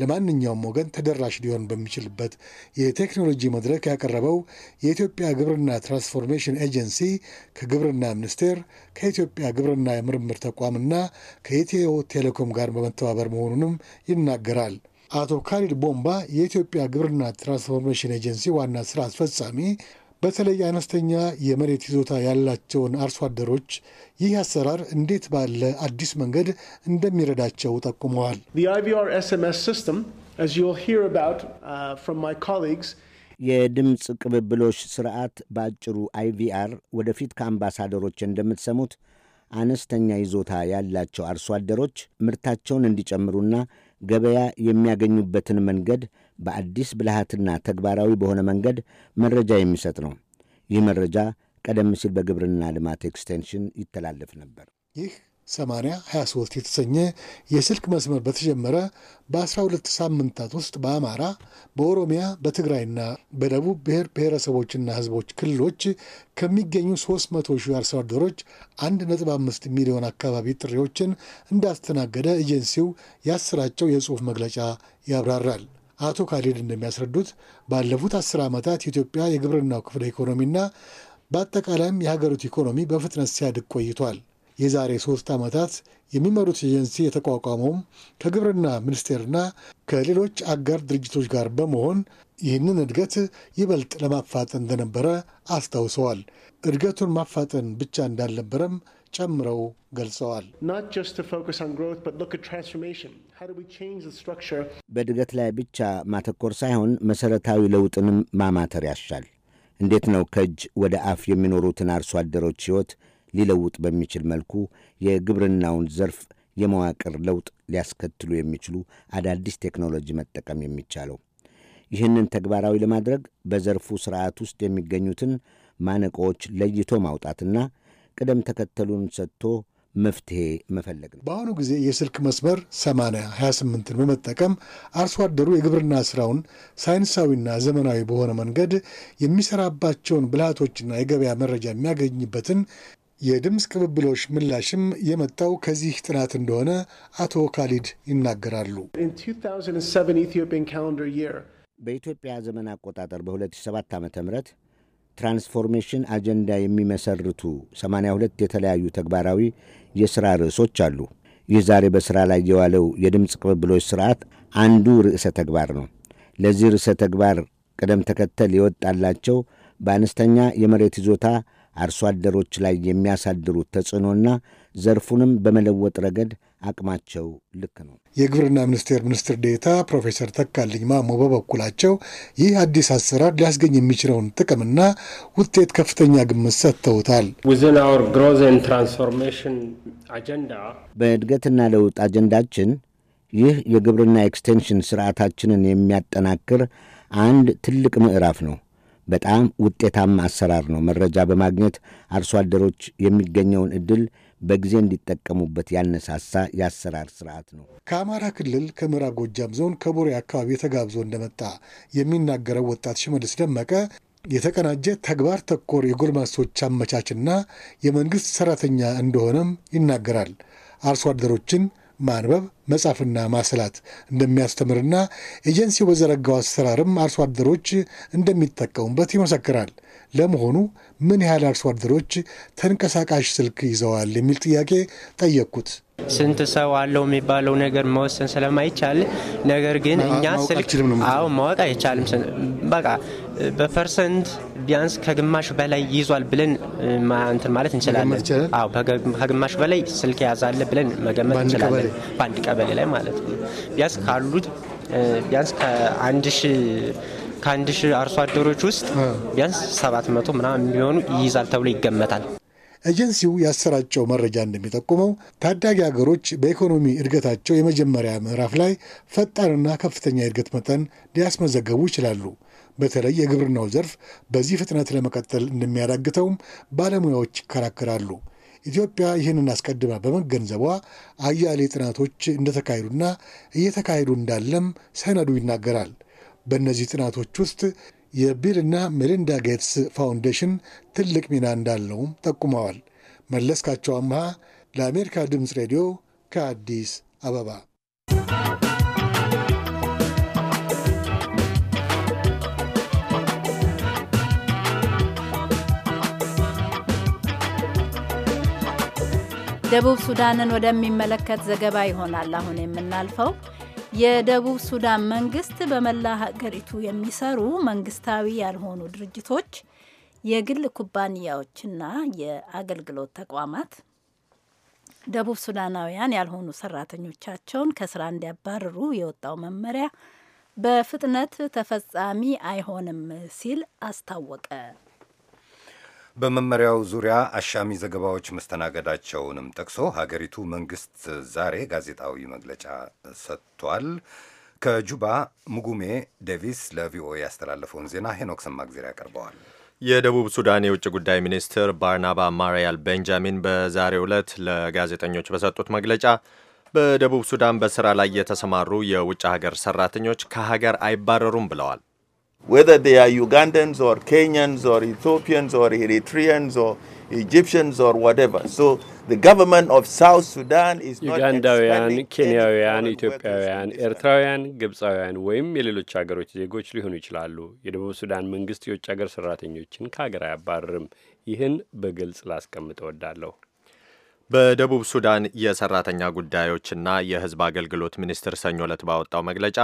ለማንኛውም ወገን ተደራሽ ሊሆን በሚችልበት የቴክኖሎጂ መድረክ ያቀረበው የኢትዮጵያ ግብርና ትራንስፎርሜሽን ኤጀንሲ ከግብርና ሚኒስቴር፣ ከኢትዮጵያ ግብርና የምርምር ተቋምና ከኢትዮ ቴሌኮም ጋር በመተባበር መሆኑንም ይናገራል። አቶ ካሊድ ቦምባ የኢትዮጵያ ግብርና ትራንስፎርሜሽን ኤጀንሲ ዋና ስራ አስፈጻሚ በተለይ አነስተኛ የመሬት ይዞታ ያላቸውን አርሶ አደሮች ይህ አሰራር እንዴት ባለ አዲስ መንገድ እንደሚረዳቸው ጠቁመዋል። uh, የድምፅ ቅብብሎች ስርዓት በአጭሩ አይቪአር ወደፊት ከአምባሳደሮች እንደምትሰሙት አነስተኛ ይዞታ ያላቸው አርሶ አደሮች ምርታቸውን እንዲጨምሩና ገበያ የሚያገኙበትን መንገድ በአዲስ ብልሃትና ተግባራዊ በሆነ መንገድ መረጃ የሚሰጥ ነው። ይህ መረጃ ቀደም ሲል በግብርና ልማት ኤክስቴንሽን ይተላለፍ ነበር። ይህ 23 የተሰኘ የስልክ መስመር በተጀመረ በ12 ሳምንታት ውስጥ በአማራ፣ በኦሮሚያ፣ በትግራይና በደቡብ ብሔር ብሔረሰቦችና ሕዝቦች ክልሎች ከሚገኙ 300 ሺህ አርሶ አደሮች 1.5 ሚሊዮን አካባቢ ጥሪዎችን እንዳስተናገደ ኤጀንሲው ያሰራጨው የጽሑፍ መግለጫ ያብራራል። አቶ ካሊድ እንደሚያስረዱት ባለፉት አስር ዓመታት የኢትዮጵያ የግብርናው ክፍለ ኢኮኖሚና በአጠቃላይም የሀገሪቱ ኢኮኖሚ በፍጥነት ሲያድግ ቆይቷል። የዛሬ ሶስት ዓመታት የሚመሩት ኤጀንሲ የተቋቋመውም ከግብርና ሚኒስቴርና ከሌሎች አጋር ድርጅቶች ጋር በመሆን ይህንን እድገት ይበልጥ ለማፋጠን እንደነበረ አስታውሰዋል። እድገቱን ማፋጠን ብቻ እንዳልነበረም ጨምረው ገልጸዋል። በእድገት ላይ ብቻ ማተኮር ሳይሆን መሠረታዊ ለውጥንም ማማተር ያሻል። እንዴት ነው ከእጅ ወደ አፍ የሚኖሩትን አርሶ አደሮች ሕይወት ሊለውጥ በሚችል መልኩ የግብርናውን ዘርፍ የመዋቅር ለውጥ ሊያስከትሉ የሚችሉ አዳዲስ ቴክኖሎጂ መጠቀም የሚቻለው? ይህንን ተግባራዊ ለማድረግ በዘርፉ ስርዓት ውስጥ የሚገኙትን ማነቆዎች ለይቶ ማውጣትና ቅደም ተከተሉን ሰጥቶ መፍትሄ መፈለግ ነው። በአሁኑ ጊዜ የስልክ መስመር 80 28ን በመጠቀም አርሶ አደሩ የግብርና ስራውን ሳይንሳዊና ዘመናዊ በሆነ መንገድ የሚሰራባቸውን ብልሃቶችና የገበያ መረጃ የሚያገኝበትን የድምፅ ቅብብሎች ምላሽም የመጣው ከዚህ ጥናት እንደሆነ አቶ ካሊድ ይናገራሉ። በኢትዮጵያ ዘመን አቆጣጠር በ2007 ዓ ም ትራንስፎርሜሽን አጀንዳ የሚመሰርቱ 82 የተለያዩ ተግባራዊ የሥራ ርዕሶች አሉ። ይህ ዛሬ በሥራ ላይ የዋለው የድምፅ ቅብብሎች ስርዓት አንዱ ርዕሰ ተግባር ነው። ለዚህ ርዕሰ ተግባር ቅደም ተከተል የወጣላቸው በአነስተኛ የመሬት ይዞታ አርሶ አደሮች ላይ የሚያሳድሩት ተጽዕኖና ዘርፉንም በመለወጥ ረገድ አቅማቸው ልክ ነው። የግብርና ሚኒስቴር ሚኒስትር ዴታ ፕሮፌሰር ተካልኝ ማሞ በበኩላቸው ይህ አዲስ አሰራር ሊያስገኝ የሚችለውን ጥቅምና ውጤት ከፍተኛ ግምት ሰጥተውታል። በእድገትና ለውጥ አጀንዳችን ይህ የግብርና ኤክስቴንሽን ስርዓታችንን የሚያጠናክር አንድ ትልቅ ምዕራፍ ነው። በጣም ውጤታማ አሰራር ነው። መረጃ በማግኘት አርሶ አደሮች የሚገኘውን ዕድል በጊዜ እንዲጠቀሙበት ያነሳሳ የአሰራር ስርዓት ነው። ከአማራ ክልል ከምዕራብ ጎጃም ዞን ከቡሬ አካባቢ ተጋብዞ እንደመጣ የሚናገረው ወጣት ሽመልስ ደመቀ የተቀናጀ ተግባር ተኮር የጎልማሶች አመቻችና የመንግስት ሰራተኛ እንደሆነም ይናገራል። አርሶ አደሮችን ማንበብ መጻፍና ማስላት እንደሚያስተምርና ኤጀንሲው በዘረጋው አሰራርም አርሶ አደሮች እንደሚጠቀሙበት ይመሰክራል። ለመሆኑ ምን ያህል አርሶ አደሮች ተንቀሳቃሽ ስልክ ይዘዋል የሚል ጥያቄ ጠየቅኩት። ስንት ሰው አለው የሚባለው ነገር መወሰን ስለማይቻል፣ ነገር ግን እኛ ስልክ አዎ ማወቅ አይቻልም። በቃ በፐርሰንት ቢያንስ ከግማሽ በላይ ይዟል ብለን እንትን ማለት እንችላለን። አዎ ከግማሽ በላይ ስልክ የያዛለ ብለን መገመት እንችላለን። በአንድ ቀበሌ ላይ ማለት ነው። ቢያንስ ካሉት ቢያንስ ከአንድ ሺህ ከአንድ ሺህ አርሶ አደሮች ውስጥ ቢያንስ ሰባት መቶ ምናምን የሚሆኑ ይይዛል ተብሎ ይገመታል። ኤጀንሲው ያሰራጨው መረጃ እንደሚጠቁመው ታዳጊ ሀገሮች በኢኮኖሚ እድገታቸው የመጀመሪያ ምዕራፍ ላይ ፈጣንና ከፍተኛ የእድገት መጠን ሊያስመዘገቡ ይችላሉ። በተለይ የግብርናው ዘርፍ በዚህ ፍጥነት ለመቀጠል እንደሚያዳግተውም ባለሙያዎች ይከራከራሉ። ኢትዮጵያ ይህንን አስቀድማ በመገንዘቧ አያሌ ጥናቶች እንደተካሄዱና እየተካሄዱ እንዳለም ሰነዱ ይናገራል። በእነዚህ ጥናቶች ውስጥ የቢልና ሜሊንዳ ጌትስ ፋውንዴሽን ትልቅ ሚና እንዳለውም ጠቁመዋል። መለስካቸው አምሃ ለአሜሪካ ድምፅ ሬዲዮ ከአዲስ አበባ። ደቡብ ሱዳንን ወደሚመለከት ዘገባ ይሆናል አሁን የምናልፈው። የደቡብ ሱዳን መንግስት በመላ ሀገሪቱ የሚሰሩ መንግስታዊ ያልሆኑ ድርጅቶች፣ የግል ኩባንያዎችና የአገልግሎት ተቋማት ደቡብ ሱዳናውያን ያልሆኑ ሰራተኞቻቸውን ከስራ እንዲያባርሩ የወጣው መመሪያ በፍጥነት ተፈጻሚ አይሆንም ሲል አስታወቀ። በመመሪያው ዙሪያ አሻሚ ዘገባዎች መስተናገዳቸውንም ጠቅሶ ሀገሪቱ መንግስት ዛሬ ጋዜጣዊ መግለጫ ሰጥቷል። ከጁባ ሙጉሜ ዴቪስ ለቪኦኤ ያስተላለፈውን ዜና ሄኖክ ሰማግዜር ያቀርበዋል። የደቡብ ሱዳን የውጭ ጉዳይ ሚኒስትር ባርናባ ማርያል ቤንጃሚን በዛሬው ዕለት ለጋዜጠኞች በሰጡት መግለጫ በደቡብ ሱዳን በስራ ላይ የተሰማሩ የውጭ ሀገር ሰራተኞች ከሀገር አይባረሩም ብለዋል። whether they are Ugandans or Kenyans or Ethiopians or Eritreans or Egyptians or whatever. So the government of South Sudan is not ዩጋንዳውያን፣ ኬንያውያን፣ ኢትዮጵያውያን፣ ኤርትራውያን፣ ግብፃውያን ወይም የሌሎች ሀገሮች ዜጎች ሊሆኑ ይችላሉ። የደቡብ ሱዳን መንግስት የውጭ ሀገር ሰራተኞችን ከሀገር አያባርም። ይህን በግልጽ ላስቀምጥ እወዳለሁ። በደቡብ ሱዳን የሰራተኛ ጉዳዮችና የህዝብ አገልግሎት ሚኒስቴር ሰኞ ዕለት ባወጣው መግለጫ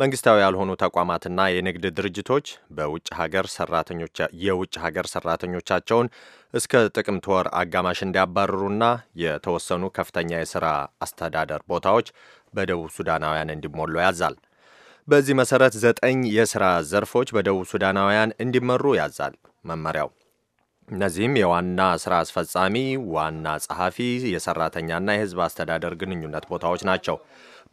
መንግስታዊ ያልሆኑ ተቋማትና የንግድ ድርጅቶች በውጭ ሀገር የውጭ ሀገር ሰራተኞቻቸውን እስከ ጥቅምት ወር አጋማሽ እንዲያባረሩና የተወሰኑ ከፍተኛ የሥራ አስተዳደር ቦታዎች በደቡብ ሱዳናውያን እንዲሞሉ ያዛል። በዚህ መሠረት ዘጠኝ የሥራ ዘርፎች በደቡብ ሱዳናውያን እንዲመሩ ያዛል መመሪያው። እነዚህም የዋና ሥራ አስፈጻሚ፣ ዋና ጸሐፊ፣ የሠራተኛና የሕዝብ አስተዳደር ግንኙነት ቦታዎች ናቸው።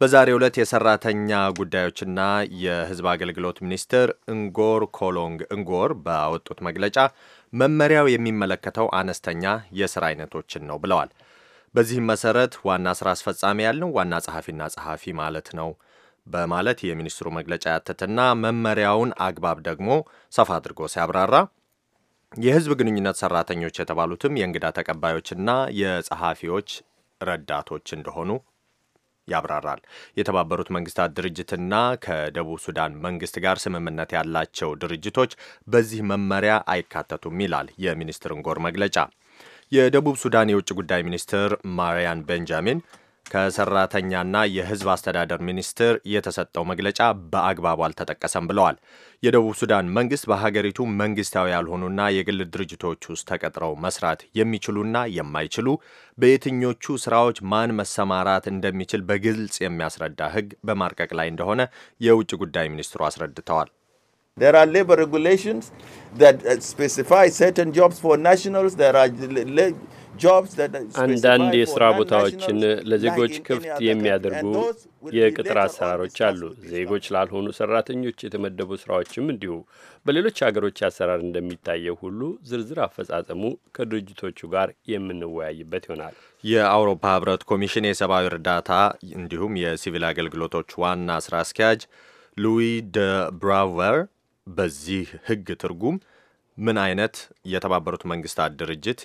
በዛሬው ዕለት የሰራተኛ ጉዳዮችና የሕዝብ አገልግሎት ሚኒስትር እንጎር ኮሎንግ እንጎር ባወጡት መግለጫ መመሪያው የሚመለከተው አነስተኛ የስራ አይነቶችን ነው ብለዋል። በዚህም መሰረት ዋና ስራ አስፈጻሚ ያልነው ዋና ጸሐፊና ጸሐፊ ማለት ነው በማለት የሚኒስትሩ መግለጫ ያተትና መመሪያውን አግባብ ደግሞ ሰፋ አድርጎ ሲያብራራ የህዝብ ግንኙነት ሰራተኞች የተባሉትም የእንግዳ ተቀባዮችና የጸሐፊዎች ረዳቶች እንደሆኑ ያብራራል። የተባበሩት መንግስታት ድርጅትና ከደቡብ ሱዳን መንግስት ጋር ስምምነት ያላቸው ድርጅቶች በዚህ መመሪያ አይካተቱም ይላል የሚኒስትር ንጎር መግለጫ። የደቡብ ሱዳን የውጭ ጉዳይ ሚኒስትር ማርያን ቤንጃሚን ከሰራተኛና የሕዝብ አስተዳደር ሚኒስቴር የተሰጠው መግለጫ በአግባቡ አልተጠቀሰም ብለዋል። የደቡብ ሱዳን መንግስት በሀገሪቱ መንግስታዊ ያልሆኑና የግል ድርጅቶች ውስጥ ተቀጥረው መስራት የሚችሉና የማይችሉ በየትኞቹ ስራዎች ማን መሰማራት እንደሚችል በግልጽ የሚያስረዳ ሕግ በማርቀቅ ላይ እንደሆነ የውጭ ጉዳይ ሚኒስትሩ አስረድተዋል። There are labor regulations that specify certain jobs for nationals. There are አንዳንድ የስራ ቦታዎችን ለዜጎች ክፍት የሚያደርጉ የቅጥር አሰራሮች አሉ። ዜጎች ላልሆኑ ሰራተኞች የተመደቡ ስራዎችም እንዲሁ። በሌሎች ሀገሮች አሰራር እንደሚታየው ሁሉ ዝርዝር አፈጻጸሙ ከድርጅቶቹ ጋር የምንወያይበት ይሆናል። የአውሮፓ ህብረት ኮሚሽን የሰብአዊ እርዳታ እንዲሁም የሲቪል አገልግሎቶች ዋና ስራ አስኪያጅ ሉዊ ደ ብራቨር በዚህ ህግ ትርጉም ምን አይነት የተባበሩት መንግስታት ድርጅት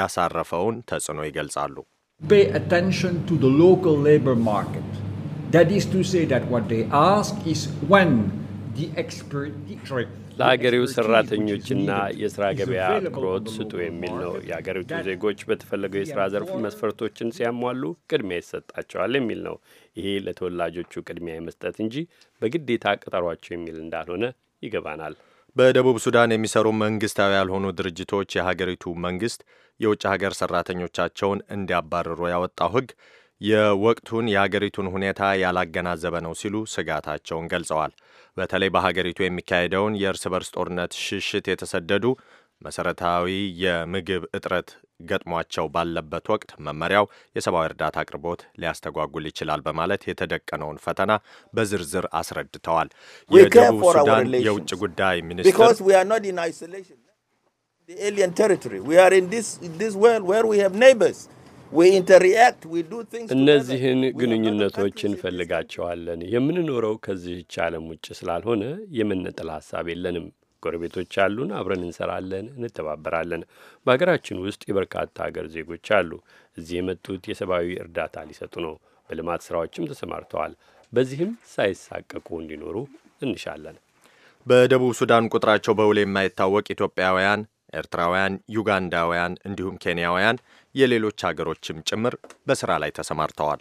ያሳረፈውን ተጽዕኖ ይገልጻሉ? ለሀገሪው ሰራተኞችና የስራ ገበያ አትኩሮት ስጡ የሚል ነው። የሀገሪቱ ዜጎች በተፈለገው የስራ ዘርፍ መስፈርቶችን ሲያሟሉ ቅድሚያ ይሰጣቸዋል የሚል ነው። ይሄ ለተወላጆቹ ቅድሚያ የመስጠት እንጂ በግዴታ ቅጠሯቸው የሚል እንዳልሆነ ይገባናል። በደቡብ ሱዳን የሚሰሩ መንግስታዊ ያልሆኑ ድርጅቶች የሀገሪቱ መንግስት የውጭ ሀገር ሰራተኞቻቸውን እንዲያባርሩ ያወጣው ሕግ የወቅቱን የሀገሪቱን ሁኔታ ያላገናዘበ ነው ሲሉ ስጋታቸውን ገልጸዋል። በተለይ በሀገሪቱ የሚካሄደውን የእርስ በርስ ጦርነት ሽሽት የተሰደዱ መሰረታዊ የምግብ እጥረት ገጥሟቸው ባለበት ወቅት መመሪያው የሰብአዊ እርዳታ አቅርቦት ሊያስተጓጉል ይችላል በማለት የተደቀነውን ፈተና በዝርዝር አስረድተዋል። የደቡብ ሱዳን የውጭ ጉዳይ ሚኒስትር እነዚህን ግንኙነቶች እንፈልጋቸዋለን። የምንኖረው ከዚህች ዓለም ውጭ ስላልሆነ የምንጥል ሀሳብ የለንም። ጎረቤቶች አሉን። አብረን እንሰራለን፣ እንተባበራለን። በሀገራችን ውስጥ የበርካታ ሀገር ዜጎች አሉ። እዚህ የመጡት የሰብአዊ እርዳታ ሊሰጡ ነው። በልማት ስራዎችም ተሰማርተዋል። በዚህም ሳይሳቀቁ እንዲኖሩ እንሻለን። በደቡብ ሱዳን ቁጥራቸው በውል የማይታወቅ ኢትዮጵያውያን፣ ኤርትራውያን፣ ዩጋንዳውያን እንዲሁም ኬንያውያን የሌሎች አገሮችም ጭምር በስራ ላይ ተሰማርተዋል።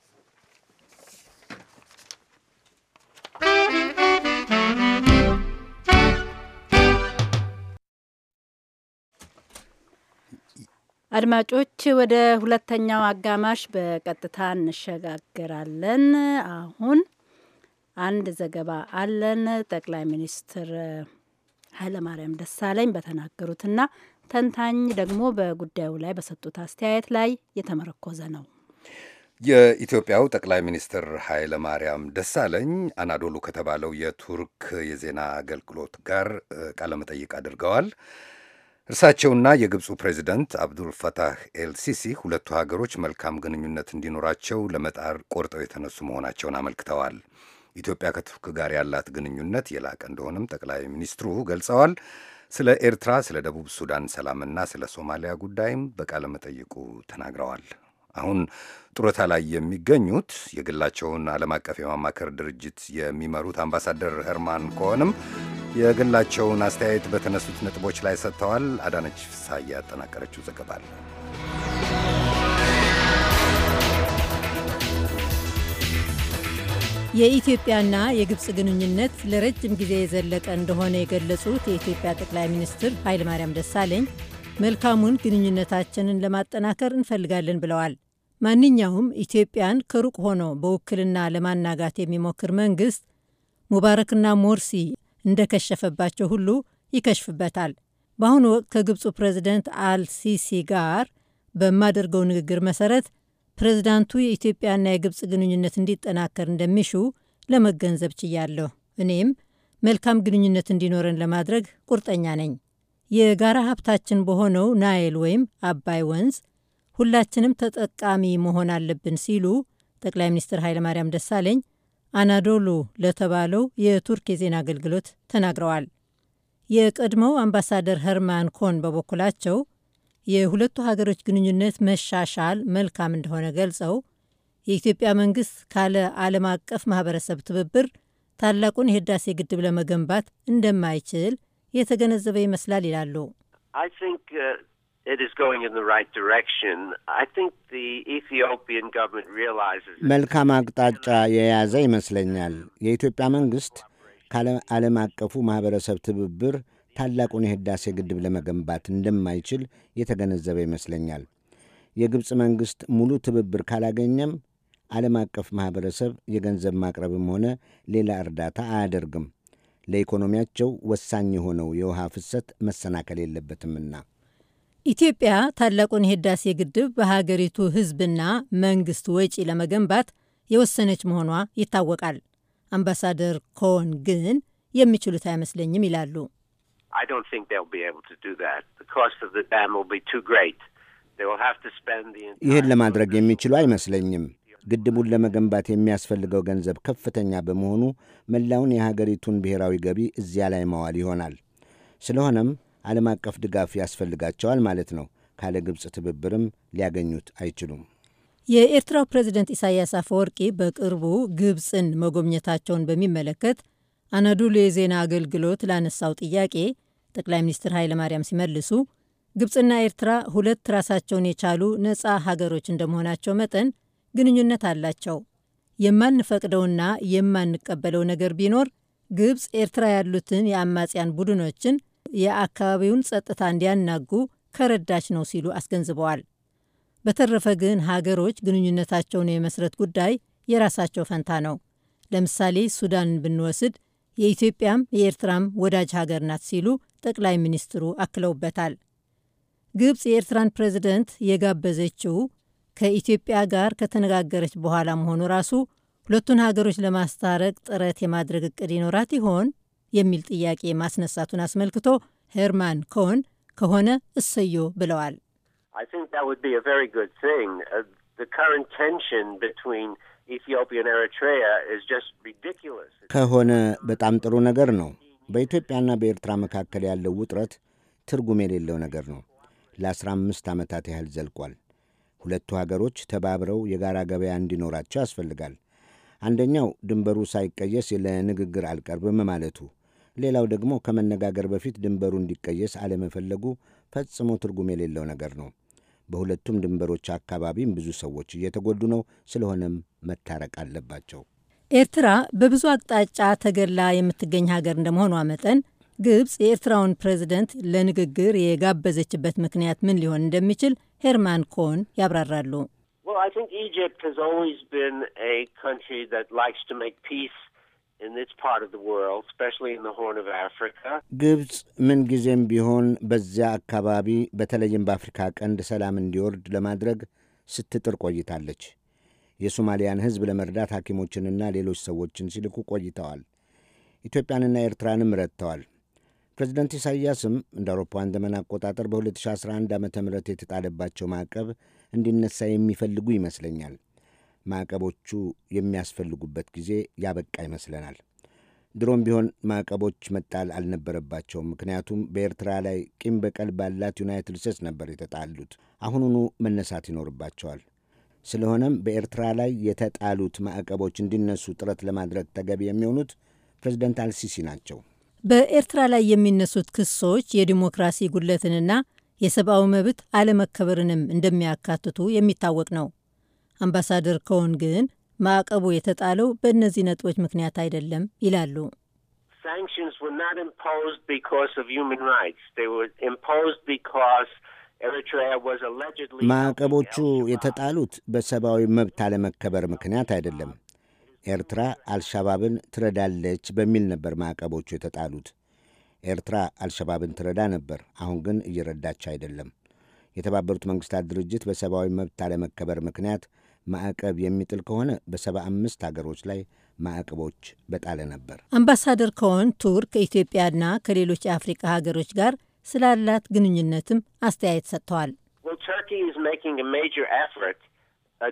አድማጮች ወደ ሁለተኛው አጋማሽ በቀጥታ እንሸጋገራለን። አሁን አንድ ዘገባ አለን። ጠቅላይ ሚኒስትር ኃይለማርያም ደሳለኝ በተናገሩትና ተንታኝ ደግሞ በጉዳዩ ላይ በሰጡት አስተያየት ላይ የተመረኮዘ ነው። የኢትዮጵያው ጠቅላይ ሚኒስትር ኃይለ ማርያም ደሳለኝ አናዶሉ ከተባለው የቱርክ የዜና አገልግሎት ጋር ቃለመጠይቅ አድርገዋል። እርሳቸውና የግብፁ ፕሬዚደንት አብዱል ፈታህ ኤልሲሲ ሁለቱ ሀገሮች መልካም ግንኙነት እንዲኖራቸው ለመጣር ቆርጠው የተነሱ መሆናቸውን አመልክተዋል። ኢትዮጵያ ከቱርክ ጋር ያላት ግንኙነት የላቀ እንደሆነም ጠቅላይ ሚኒስትሩ ገልጸዋል። ስለ ኤርትራ፣ ስለ ደቡብ ሱዳን ሰላምና ስለ ሶማሊያ ጉዳይም በቃለ መጠይቁ ተናግረዋል። አሁን ጡረታ ላይ የሚገኙት የግላቸውን ዓለም አቀፍ የማማከር ድርጅት የሚመሩት አምባሳደር ሄርማን ኮሄንም የግላቸውን አስተያየት በተነሱት ነጥቦች ላይ ሰጥተዋል። አዳነች ፍስሐ ያጠናቀረችው ዘገባ አለ። የኢትዮጵያና የግብፅ ግንኙነት ለረጅም ጊዜ የዘለቀ እንደሆነ የገለጹት የኢትዮጵያ ጠቅላይ ሚኒስትር ኃይለማርያም ደሳለኝ መልካሙን ግንኙነታችንን ለማጠናከር እንፈልጋለን ብለዋል። ማንኛውም ኢትዮጵያን ከሩቅ ሆኖ በውክልና ለማናጋት የሚሞክር መንግስት ሙባረክና ሞርሲ እንደከሸፈባቸው ሁሉ ይከሽፍበታል። በአሁኑ ወቅት ከግብፁ ፕሬዚደንት አልሲሲ ጋር በማደርገው ንግግር መሰረት ፕሬዚዳንቱ የኢትዮጵያና የግብፅ ግንኙነት እንዲጠናከር እንደሚሹ ለመገንዘብ ችያለሁ። እኔም መልካም ግንኙነት እንዲኖረን ለማድረግ ቁርጠኛ ነኝ። የጋራ ሀብታችን በሆነው ናይል ወይም አባይ ወንዝ ሁላችንም ተጠቃሚ መሆን አለብን ሲሉ ጠቅላይ ሚኒስትር ኃይለማርያም ደሳለኝ አናዶሎ ለተባለው የቱርክ የዜና አገልግሎት ተናግረዋል። የቀድሞው አምባሳደር ሄርማን ኮን በበኩላቸው የሁለቱ ሀገሮች ግንኙነት መሻሻል መልካም እንደሆነ ገልጸው የኢትዮጵያ መንግስት ካለ ዓለም አቀፍ ማህበረሰብ ትብብር ታላቁን የህዳሴ ግድብ ለመገንባት እንደማይችል የተገነዘበ ይመስላል ይላሉ። መልካም አቅጣጫ የያዘ ይመስለኛል። የኢትዮጵያ መንግሥት ከዓለም አቀፉ ማኅበረሰብ ትብብር ታላቁን የሕዳሴ ግድብ ለመገንባት እንደማይችል የተገነዘበ ይመስለኛል። የግብፅ መንግሥት ሙሉ ትብብር ካላገኘም ዓለም አቀፍ ማኅበረሰብ የገንዘብ ማቅረብም ሆነ ሌላ እርዳታ አያደርግም። ለኢኮኖሚያቸው ወሳኝ የሆነው የውሃ ፍሰት መሰናከል የለበትምና ኢትዮጵያ ታላቁን የህዳሴ ግድብ በሀገሪቱ ህዝብና መንግስት ወጪ ለመገንባት የወሰነች መሆኗ ይታወቃል። አምባሳደር ኮን ግን የሚችሉት አይመስለኝም ይላሉ። ይህን ለማድረግ የሚችሉ አይመስለኝም። ግድቡን ለመገንባት የሚያስፈልገው ገንዘብ ከፍተኛ በመሆኑ መላውን የሀገሪቱን ብሔራዊ ገቢ እዚያ ላይ ማዋል ይሆናል። ስለሆነም ዓለም አቀፍ ድጋፍ ያስፈልጋቸዋል ማለት ነው። ካለ ግብፅ ትብብርም ሊያገኙት አይችሉም። የኤርትራው ፕሬዚደንት ኢሳያስ አፈወርቂ በቅርቡ ግብፅን መጎብኘታቸውን በሚመለከት አናዶሉ የዜና አገልግሎት ላነሳው ጥያቄ ጠቅላይ ሚኒስትር ኃይለ ማርያም ሲመልሱ ግብፅና ኤርትራ ሁለት ራሳቸውን የቻሉ ነፃ ሀገሮች እንደመሆናቸው መጠን ግንኙነት አላቸው። የማንፈቅደውና የማንቀበለው ነገር ቢኖር ግብፅ ኤርትራ ያሉትን የአማጽያን ቡድኖችን የአካባቢውን ጸጥታ እንዲያናጉ ከረዳች ነው ሲሉ አስገንዝበዋል። በተረፈ ግን ሀገሮች ግንኙነታቸውን የመስረት ጉዳይ የራሳቸው ፈንታ ነው። ለምሳሌ ሱዳንን ብንወስድ የኢትዮጵያም የኤርትራም ወዳጅ ሀገር ናት ሲሉ ጠቅላይ ሚኒስትሩ አክለውበታል። ግብፅ የኤርትራን ፕሬዝደንት የጋበዘችው ከኢትዮጵያ ጋር ከተነጋገረች በኋላ መሆኑ ራሱ ሁለቱን ሀገሮች ለማስታረቅ ጥረት የማድረግ እቅድ ይኖራት ይሆን? የሚል ጥያቄ ማስነሳቱን አስመልክቶ ሄርማን ኮን ከሆነ እሰዮ ብለዋል። uh, ከሆነ በጣም ጥሩ ነገር ነው። በኢትዮጵያና በኤርትራ መካከል ያለው ውጥረት ትርጉም የሌለው ነገር ነው። ለአስራ አምስት ዓመታት ያህል ዘልቋል። ሁለቱ ሀገሮች ተባብረው የጋራ ገበያ እንዲኖራቸው ያስፈልጋል። አንደኛው ድንበሩ ሳይቀየስ ለንግግር አልቀርብም ማለቱ ሌላው ደግሞ ከመነጋገር በፊት ድንበሩ እንዲቀየስ አለመፈለጉ ፈጽሞ ትርጉም የሌለው ነገር ነው። በሁለቱም ድንበሮች አካባቢም ብዙ ሰዎች እየተጎዱ ነው። ስለሆነም መታረቅ አለባቸው። ኤርትራ በብዙ አቅጣጫ ተገላ የምትገኝ ሀገር እንደመሆኗ መጠን ግብፅ የኤርትራውን ፕሬዚደንት ለንግግር የጋበዘችበት ምክንያት ምን ሊሆን እንደሚችል ሄርማን ኮን ያብራራሉ። ኢጅፕት ግብፅ ምንጊዜም ቢሆን በዚያ አካባቢ በተለይም በአፍሪካ ቀንድ ሰላም እንዲወርድ ለማድረግ ስትጥር ቆይታለች። የሶማሊያን ሕዝብ ለመርዳት ሐኪሞችንና ሌሎች ሰዎችን ሲልኩ ቆይተዋል። ኢትዮጵያንና ኤርትራንም ረድተዋል። ፕሬዚደንት ኢሳይያስም እንደ አውሮፓውያን ዘመን አቆጣጠር በ2011 ዓ ም የተጣለባቸው ማዕቀብ እንዲነሳ የሚፈልጉ ይመስለኛል። ማዕቀቦቹ የሚያስፈልጉበት ጊዜ ያበቃ ይመስለናል። ድሮም ቢሆን ማዕቀቦች መጣል አልነበረባቸውም። ምክንያቱም በኤርትራ ላይ ቂም በቀል ባላት ዩናይትድ ስቴትስ ነበር የተጣሉት። አሁኑኑ መነሳት ይኖርባቸዋል። ስለሆነም በኤርትራ ላይ የተጣሉት ማዕቀቦች እንዲነሱ ጥረት ለማድረግ ተገቢ የሚሆኑት ፕሬዚደንት አልሲሲ ናቸው። በኤርትራ ላይ የሚነሱት ክሶች የዲሞክራሲ ጉድለትንና የሰብአዊ መብት አለመከበርንም እንደሚያካትቱ የሚታወቅ ነው። አምባሳደር ከሆን ግን ማዕቀቡ የተጣለው በእነዚህ ነጥቦች ምክንያት አይደለም ይላሉ። ማዕቀቦቹ የተጣሉት በሰብአዊ መብት አለመከበር ምክንያት አይደለም። ኤርትራ አልሻባብን ትረዳለች በሚል ነበር ማዕቀቦቹ የተጣሉት። ኤርትራ አልሸባብን ትረዳ ነበር፣ አሁን ግን እየረዳች አይደለም። የተባበሩት መንግሥታት ድርጅት በሰብአዊ መብት አለመከበር ምክንያት ማዕቀብ የሚጥል ከሆነ በሰባ አምስት ሀገሮች ላይ ማዕቀቦች በጣለ ነበር። አምባሳደር ከሆን ቱርክ ከኢትዮጵያና ከሌሎች የአፍሪቃ ሀገሮች ጋር ስላላት ግንኙነትም አስተያየት ሰጥተዋል። uh,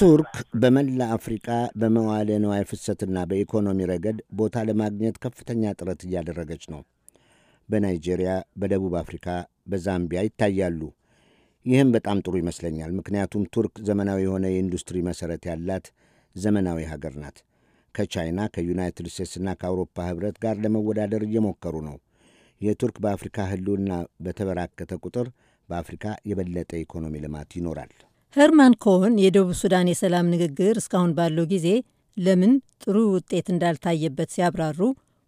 ቱርክ በመላ አፍሪቃ በመዋለ ነዋይ ፍሰትና በኢኮኖሚ ረገድ ቦታ ለማግኘት ከፍተኛ ጥረት እያደረገች ነው። በናይጄሪያ፣ በደቡብ አፍሪካ፣ በዛምቢያ ይታያሉ። ይህም በጣም ጥሩ ይመስለኛል። ምክንያቱም ቱርክ ዘመናዊ የሆነ የኢንዱስትሪ መሠረት ያላት ዘመናዊ ሀገር ናት። ከቻይና ከዩናይትድ ስቴትስና ከአውሮፓ ኅብረት ጋር ለመወዳደር እየሞከሩ ነው። የቱርክ በአፍሪካ ሕልውና በተበራከተ ቁጥር በአፍሪካ የበለጠ ኢኮኖሚ ልማት ይኖራል። ሄርማን ኮሆን የደቡብ ሱዳን የሰላም ንግግር እስካሁን ባለው ጊዜ ለምን ጥሩ ውጤት እንዳልታየበት ሲያብራሩ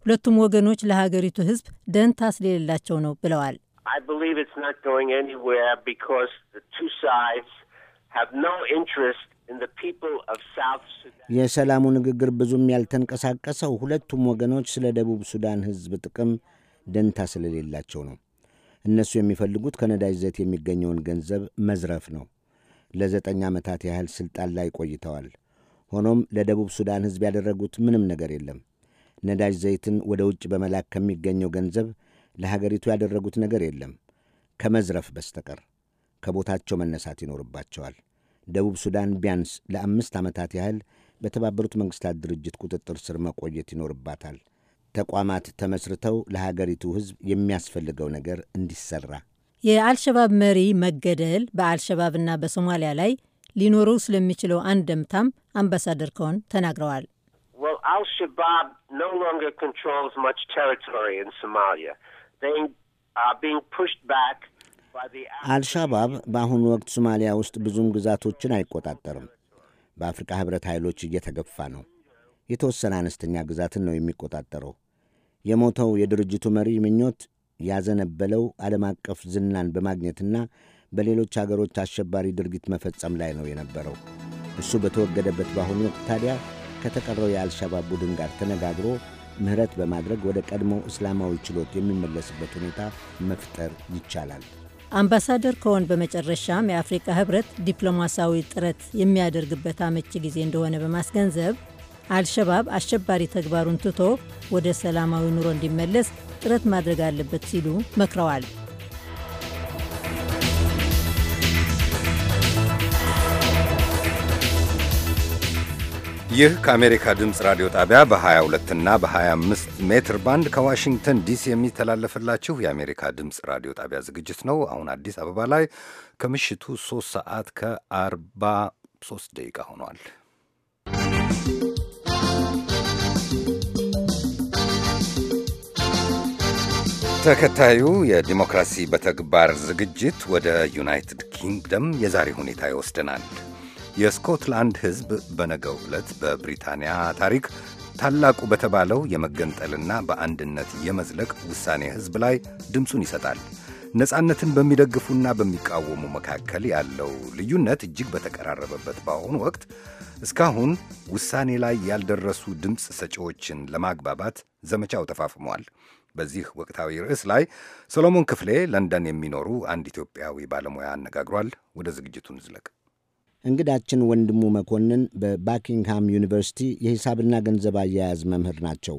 ሁለቱም ወገኖች ለሀገሪቱ ህዝብ ደንታ ስለሌላቸው ነው ብለዋል። I believe it's not going anywhere because the two sides have no interest in the people of South Sudan. የሰላሙ ንግግር ብዙም ያልተንቀሳቀሰው ሁለቱም ወገኖች ስለ ደቡብ ሱዳን ሕዝብ ጥቅም ደንታ ስለሌላቸው ነው። እነሱ የሚፈልጉት ከነዳጅ ዘይት የሚገኘውን ገንዘብ መዝረፍ ነው። ለዘጠኝ ዓመታት ያህል ስልጣን ላይ ቆይተዋል። ሆኖም ለደቡብ ሱዳን ሕዝብ ያደረጉት ምንም ነገር የለም። ነዳጅ ዘይትን ወደ ውጭ በመላክ ከሚገኘው ገንዘብ ለሀገሪቱ ያደረጉት ነገር የለም ከመዝረፍ በስተቀር። ከቦታቸው መነሳት ይኖርባቸዋል። ደቡብ ሱዳን ቢያንስ ለአምስት ዓመታት ያህል በተባበሩት መንግሥታት ድርጅት ቁጥጥር ስር መቆየት ይኖርባታል። ተቋማት ተመስርተው ለሀገሪቱ ሕዝብ የሚያስፈልገው ነገር እንዲሰራ። የአልሸባብ መሪ መገደል በአልሸባብና በሶማሊያ ላይ ሊኖረው ስለሚችለው ደምታም አምባሳደር ከሆን ተናግረዋል። አልሸባብ ኖ ሎንገር ኮንትሮልስ ማች ቴሪቶሪ ኢን ሶማሊያ Uh, አልሻባብ በአሁኑ ወቅት ሶማሊያ ውስጥ ብዙም ግዛቶችን አይቆጣጠርም። በአፍሪካ ህብረት ኃይሎች እየተገፋ ነው። የተወሰነ አነስተኛ ግዛትን ነው የሚቆጣጠረው። የሞተው የድርጅቱ መሪ ምኞት ያዘነበለው ዓለም አቀፍ ዝናን በማግኘትና በሌሎች አገሮች አሸባሪ ድርጊት መፈጸም ላይ ነው የነበረው። እሱ በተወገደበት በአሁኑ ወቅት ታዲያ ከተቀረው የአልሻባብ ቡድን ጋር ተነጋግሮ ምህረት በማድረግ ወደ ቀድሞው እስላማዊ ችሎት የሚመለስበት ሁኔታ መፍጠር ይቻላል። አምባሳደር ከሆን በመጨረሻም የአፍሪካ ህብረት ዲፕሎማሲያዊ ጥረት የሚያደርግበት አመቺ ጊዜ እንደሆነ በማስገንዘብ አልሸባብ አሸባሪ ተግባሩን ትቶ ወደ ሰላማዊ ኑሮ እንዲመለስ ጥረት ማድረግ አለበት ሲሉ መክረዋል። ይህ ከአሜሪካ ድምፅ ራዲዮ ጣቢያ በ22 እና በ25 ሜትር ባንድ ከዋሽንግተን ዲሲ የሚተላለፍላችሁ የአሜሪካ ድምፅ ራዲዮ ጣቢያ ዝግጅት ነው። አሁን አዲስ አበባ ላይ ከምሽቱ 3 ሰዓት ከ43 ደቂቃ ሆኗል። ተከታዩ የዲሞክራሲ በተግባር ዝግጅት ወደ ዩናይትድ ኪንግደም የዛሬ ሁኔታ ይወስደናል። የስኮትላንድ ሕዝብ በነገው ዕለት በብሪታንያ ታሪክ ታላቁ በተባለው የመገንጠልና በአንድነት የመዝለቅ ውሳኔ ሕዝብ ላይ ድምፁን ይሰጣል። ነፃነትን በሚደግፉና በሚቃወሙ መካከል ያለው ልዩነት እጅግ በተቀራረበበት በአሁኑ ወቅት እስካሁን ውሳኔ ላይ ያልደረሱ ድምፅ ሰጪዎችን ለማግባባት ዘመቻው ተፋፍሟል። በዚህ ወቅታዊ ርዕስ ላይ ሰሎሞን ክፍሌ ለንደን የሚኖሩ አንድ ኢትዮጵያዊ ባለሙያ አነጋግሯል። ወደ ዝግጅቱ ዝለቅ። እንግዳችን ወንድሙ መኮንን በባኪንግሃም ዩኒቨርሲቲ የሂሳብና ገንዘብ አያያዝ መምህር ናቸው።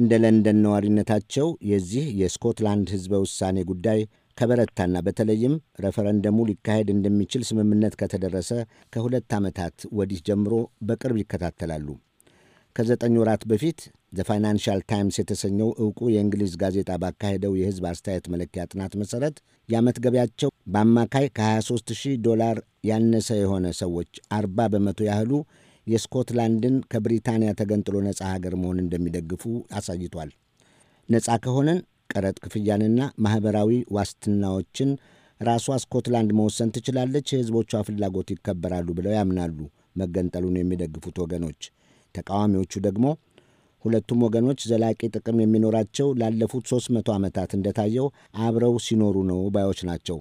እንደ ለንደን ነዋሪነታቸው የዚህ የስኮትላንድ ሕዝበ ውሳኔ ጉዳይ ከበረታና በተለይም ረፈረንደሙ ሊካሄድ እንደሚችል ስምምነት ከተደረሰ ከሁለት ዓመታት ወዲህ ጀምሮ በቅርብ ይከታተላሉ። ከዘጠኝ ወራት በፊት ዘ ፋይናንሻል ታይምስ የተሰኘው ዕውቁ የእንግሊዝ ጋዜጣ ባካሄደው የሕዝብ አስተያየት መለኪያ ጥናት መሠረት የዓመት ገቢያቸው በአማካይ ከ23000 ዶላር ያነሰ የሆነ ሰዎች 40 በመቶ ያህሉ የስኮትላንድን ከብሪታንያ ተገንጥሎ ነፃ ሀገር መሆን እንደሚደግፉ አሳይቷል። ነፃ ከሆነን ቀረጥ ክፍያንና ማኅበራዊ ዋስትናዎችን ራሷ ስኮትላንድ መወሰን ትችላለች፣ የሕዝቦቿ ፍላጎት ይከበራሉ ብለው ያምናሉ መገንጠሉን የሚደግፉት ወገኖች። ተቃዋሚዎቹ ደግሞ ሁለቱም ወገኖች ዘላቂ ጥቅም የሚኖራቸው ላለፉት 300 ዓመታት እንደታየው አብረው ሲኖሩ ነው ባዮች ናቸው።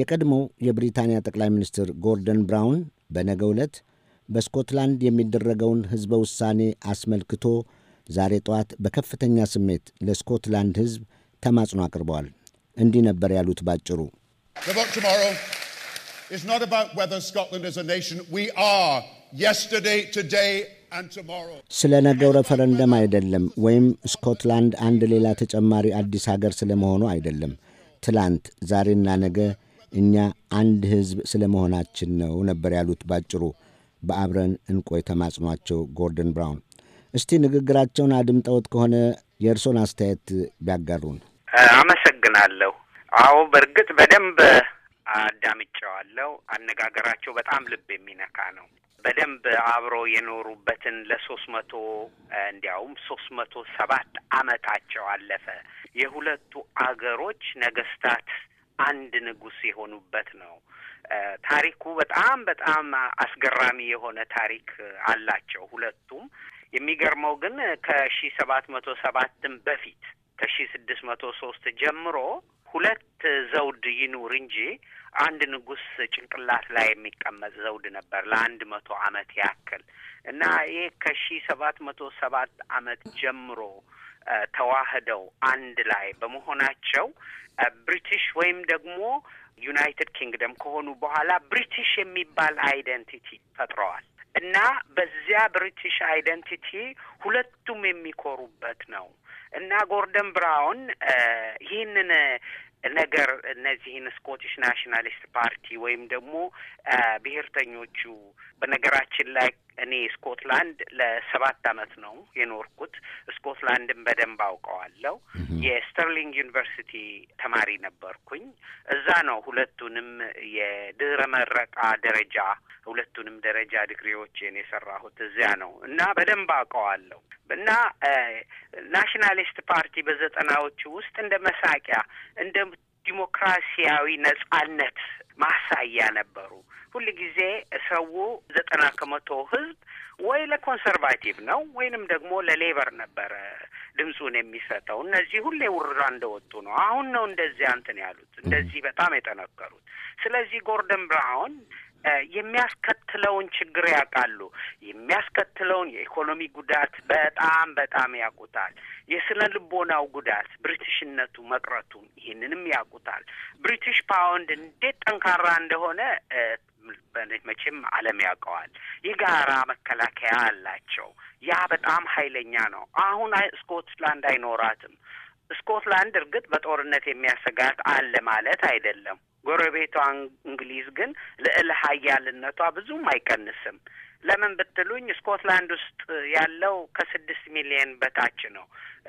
የቀድሞው የብሪታንያ ጠቅላይ ሚኒስትር ጎርደን ብራውን በነገ ዕለት በስኮትላንድ የሚደረገውን ሕዝበ ውሳኔ አስመልክቶ ዛሬ ጠዋት በከፍተኛ ስሜት ለስኮትላንድ ሕዝብ ተማጽኖ አቅርበዋል። እንዲህ ነበር ያሉት ባጭሩ ስለ ነገው ሬፈረንደም አይደለም፣ ወይም ስኮትላንድ አንድ ሌላ ተጨማሪ አዲስ ሀገር ስለመሆኑ አይደለም። ትላንት ዛሬና ነገ እኛ አንድ ሕዝብ ስለ መሆናችን ነው ነበር ያሉት ባጭሩ በአብረን እንቆይ ተማጽኗቸው ጎርደን ብራውን። እስቲ ንግግራቸውን አድምጠውት ከሆነ የእርሶን አስተያየት ቢያጋሩን። አመሰግናለሁ። አዎ በእርግጥ በደንብ አዳምጨዋለሁ። አነጋገራቸው በጣም ልብ የሚነካ ነው። በደንብ አብረው የኖሩበትን ለሶስት መቶ እንዲያውም ሶስት መቶ ሰባት አመታቸው አለፈ የሁለቱ አገሮች ነገስታት አንድ ንጉስ የሆኑበት ነው። ታሪኩ በጣም በጣም አስገራሚ የሆነ ታሪክ አላቸው ሁለቱም። የሚገርመው ግን ከሺ ሰባት መቶ ሰባትም በፊት ከሺ ስድስት መቶ ሶስት ጀምሮ ሁለት ዘውድ ይኑር እንጂ አንድ ንጉስ ጭንቅላት ላይ የሚቀመጥ ዘውድ ነበር ለአንድ መቶ አመት ያክል እና ይህ ከሺ ሰባት መቶ ሰባት አመት ጀምሮ ተዋህደው አንድ ላይ በመሆናቸው ብሪቲሽ ወይም ደግሞ ዩናይትድ ኪንግደም ከሆኑ በኋላ ብሪቲሽ የሚባል አይደንቲቲ ፈጥረዋል እና በዚያ ብሪቲሽ አይደንቲቲ ሁለቱም የሚኮሩበት ነው እና ጎርደን ብራውን ይህንን ነገር እነዚህን ስኮቲሽ ናሽናሊስት ፓርቲ ወይም ደግሞ ብሔርተኞቹ በነገራችን ላይ እኔ ስኮትላንድ ለሰባት አመት ነው የኖርኩት። ስኮትላንድን በደንብ አውቀዋለሁ። የስተርሊንግ ዩኒቨርሲቲ ተማሪ ነበርኩኝ። እዛ ነው ሁለቱንም የድህረ መረቃ ደረጃ ሁለቱንም ደረጃ ዲግሪዎችን የሰራሁት እዚያ ነው እና በደንብ አውቀዋለሁ እና ናሽናሊስት ፓርቲ በዘጠናዎቹ ውስጥ እንደ መሳቂያ እንደ ዲሞክራሲያዊ ነጻነት ማሳያ ነበሩ። ሁል ጊዜ ሰው ዘጠና ከመቶ ህዝብ ወይ ለኮንሰርቫቲቭ ነው ወይንም ደግሞ ለሌበር ነበረ ድምፁን የሚሰጠው። እነዚህ ሁሌ ውራ እንደወጡ ነው። አሁን ነው እንደዚህ እንትን ያሉት እንደዚህ በጣም የጠነከሩት። ስለዚህ ጎርደን ብራውን የሚያስከትለውን ችግር ያውቃሉ። የሚያስከትለውን የኢኮኖሚ ጉዳት በጣም በጣም ያውቁታል። የስነ ልቦናው ጉዳት ብሪቲሽነቱ መቅረቱን ይህንንም ያውቁታል። ብሪቲሽ ፓውንድ እንዴት ጠንካራ እንደሆነ መቼም ዓለም ያውቀዋል። የጋራ መከላከያ አላቸው። ያ በጣም ኃይለኛ ነው። አሁን ስኮትላንድ አይኖራትም። ስኮትላንድ እርግጥ በጦርነት የሚያሰጋት አለ ማለት አይደለም። ጎረቤቷ እንግሊዝ ግን ልዕለ ሀያልነቷ ብዙም አይቀንስም። ለምን ብትሉኝ ስኮትላንድ ውስጥ ያለው ከስድስት ሚሊየን በታች ነው።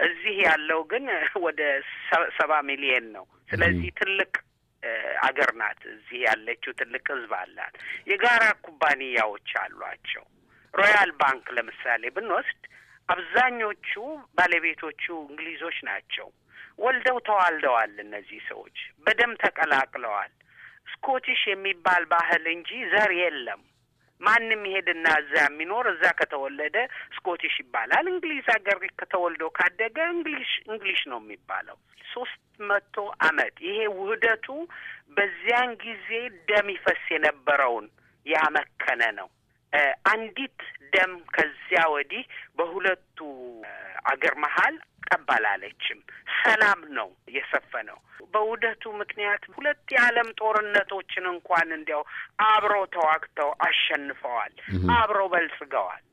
እዚህ ያለው ግን ወደ ሰባ ሚሊየን ነው። ስለዚህ ትልቅ አገር ናት። እዚህ ያለችው ትልቅ ህዝብ አላት። የጋራ ኩባንያዎች አሏቸው። ሮያል ባንክ ለምሳሌ ብንወስድ አብዛኞቹ ባለቤቶቹ እንግሊዞች ናቸው። ወልደው ተዋልደዋል። እነዚህ ሰዎች በደም ተቀላቅለዋል። ስኮቲሽ የሚባል ባህል እንጂ ዘር የለም። ማንም ይሄድና እዛ የሚኖር እዛ ከተወለደ ስኮቲሽ ይባላል። እንግሊዝ ሀገር ከተወልዶ ካደገ እንግሊሽ እንግሊሽ ነው የሚባለው። ሶስት መቶ አመት ይሄ ውህደቱ በዚያን ጊዜ ደም ይፈስ የነበረውን ያመከነ ነው። አንዲት ደም ከዚያ ወዲህ በሁለቱ አገር መሀል ጠብ አላለችም። ሰላም ነው የሰፈነው። በውህደቱ ምክንያት ሁለት የዓለም ጦርነቶችን እንኳን እንዲያው አብረው ተዋግተው አሸንፈዋል። አብረው በልጽገዋል።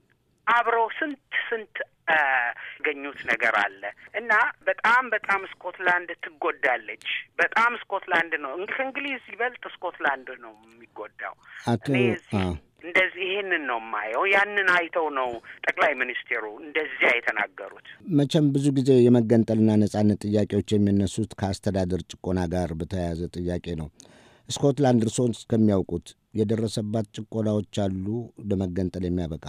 አብረው ስንት ስንት ያገኙት ነገር አለ እና በጣም በጣም ስኮትላንድ ትጎዳለች። በጣም ስኮትላንድ ነው ከእንግሊዝ ይበልጥ ስኮትላንድ ነው የሚጎዳው። እንደዚህ ይህንን ነው የማየው። ያንን አይተው ነው ጠቅላይ ሚኒስትሩ እንደዚያ የተናገሩት። መቼም ብዙ ጊዜ የመገንጠልና ነጻነት ጥያቄዎች የሚነሱት ከአስተዳደር ጭቆና ጋር በተያያዘ ጥያቄ ነው። ስኮትላንድ እርስዎን እስከሚያውቁት የደረሰባት ጭቆናዎች አሉ ለመገንጠል የሚያበቃ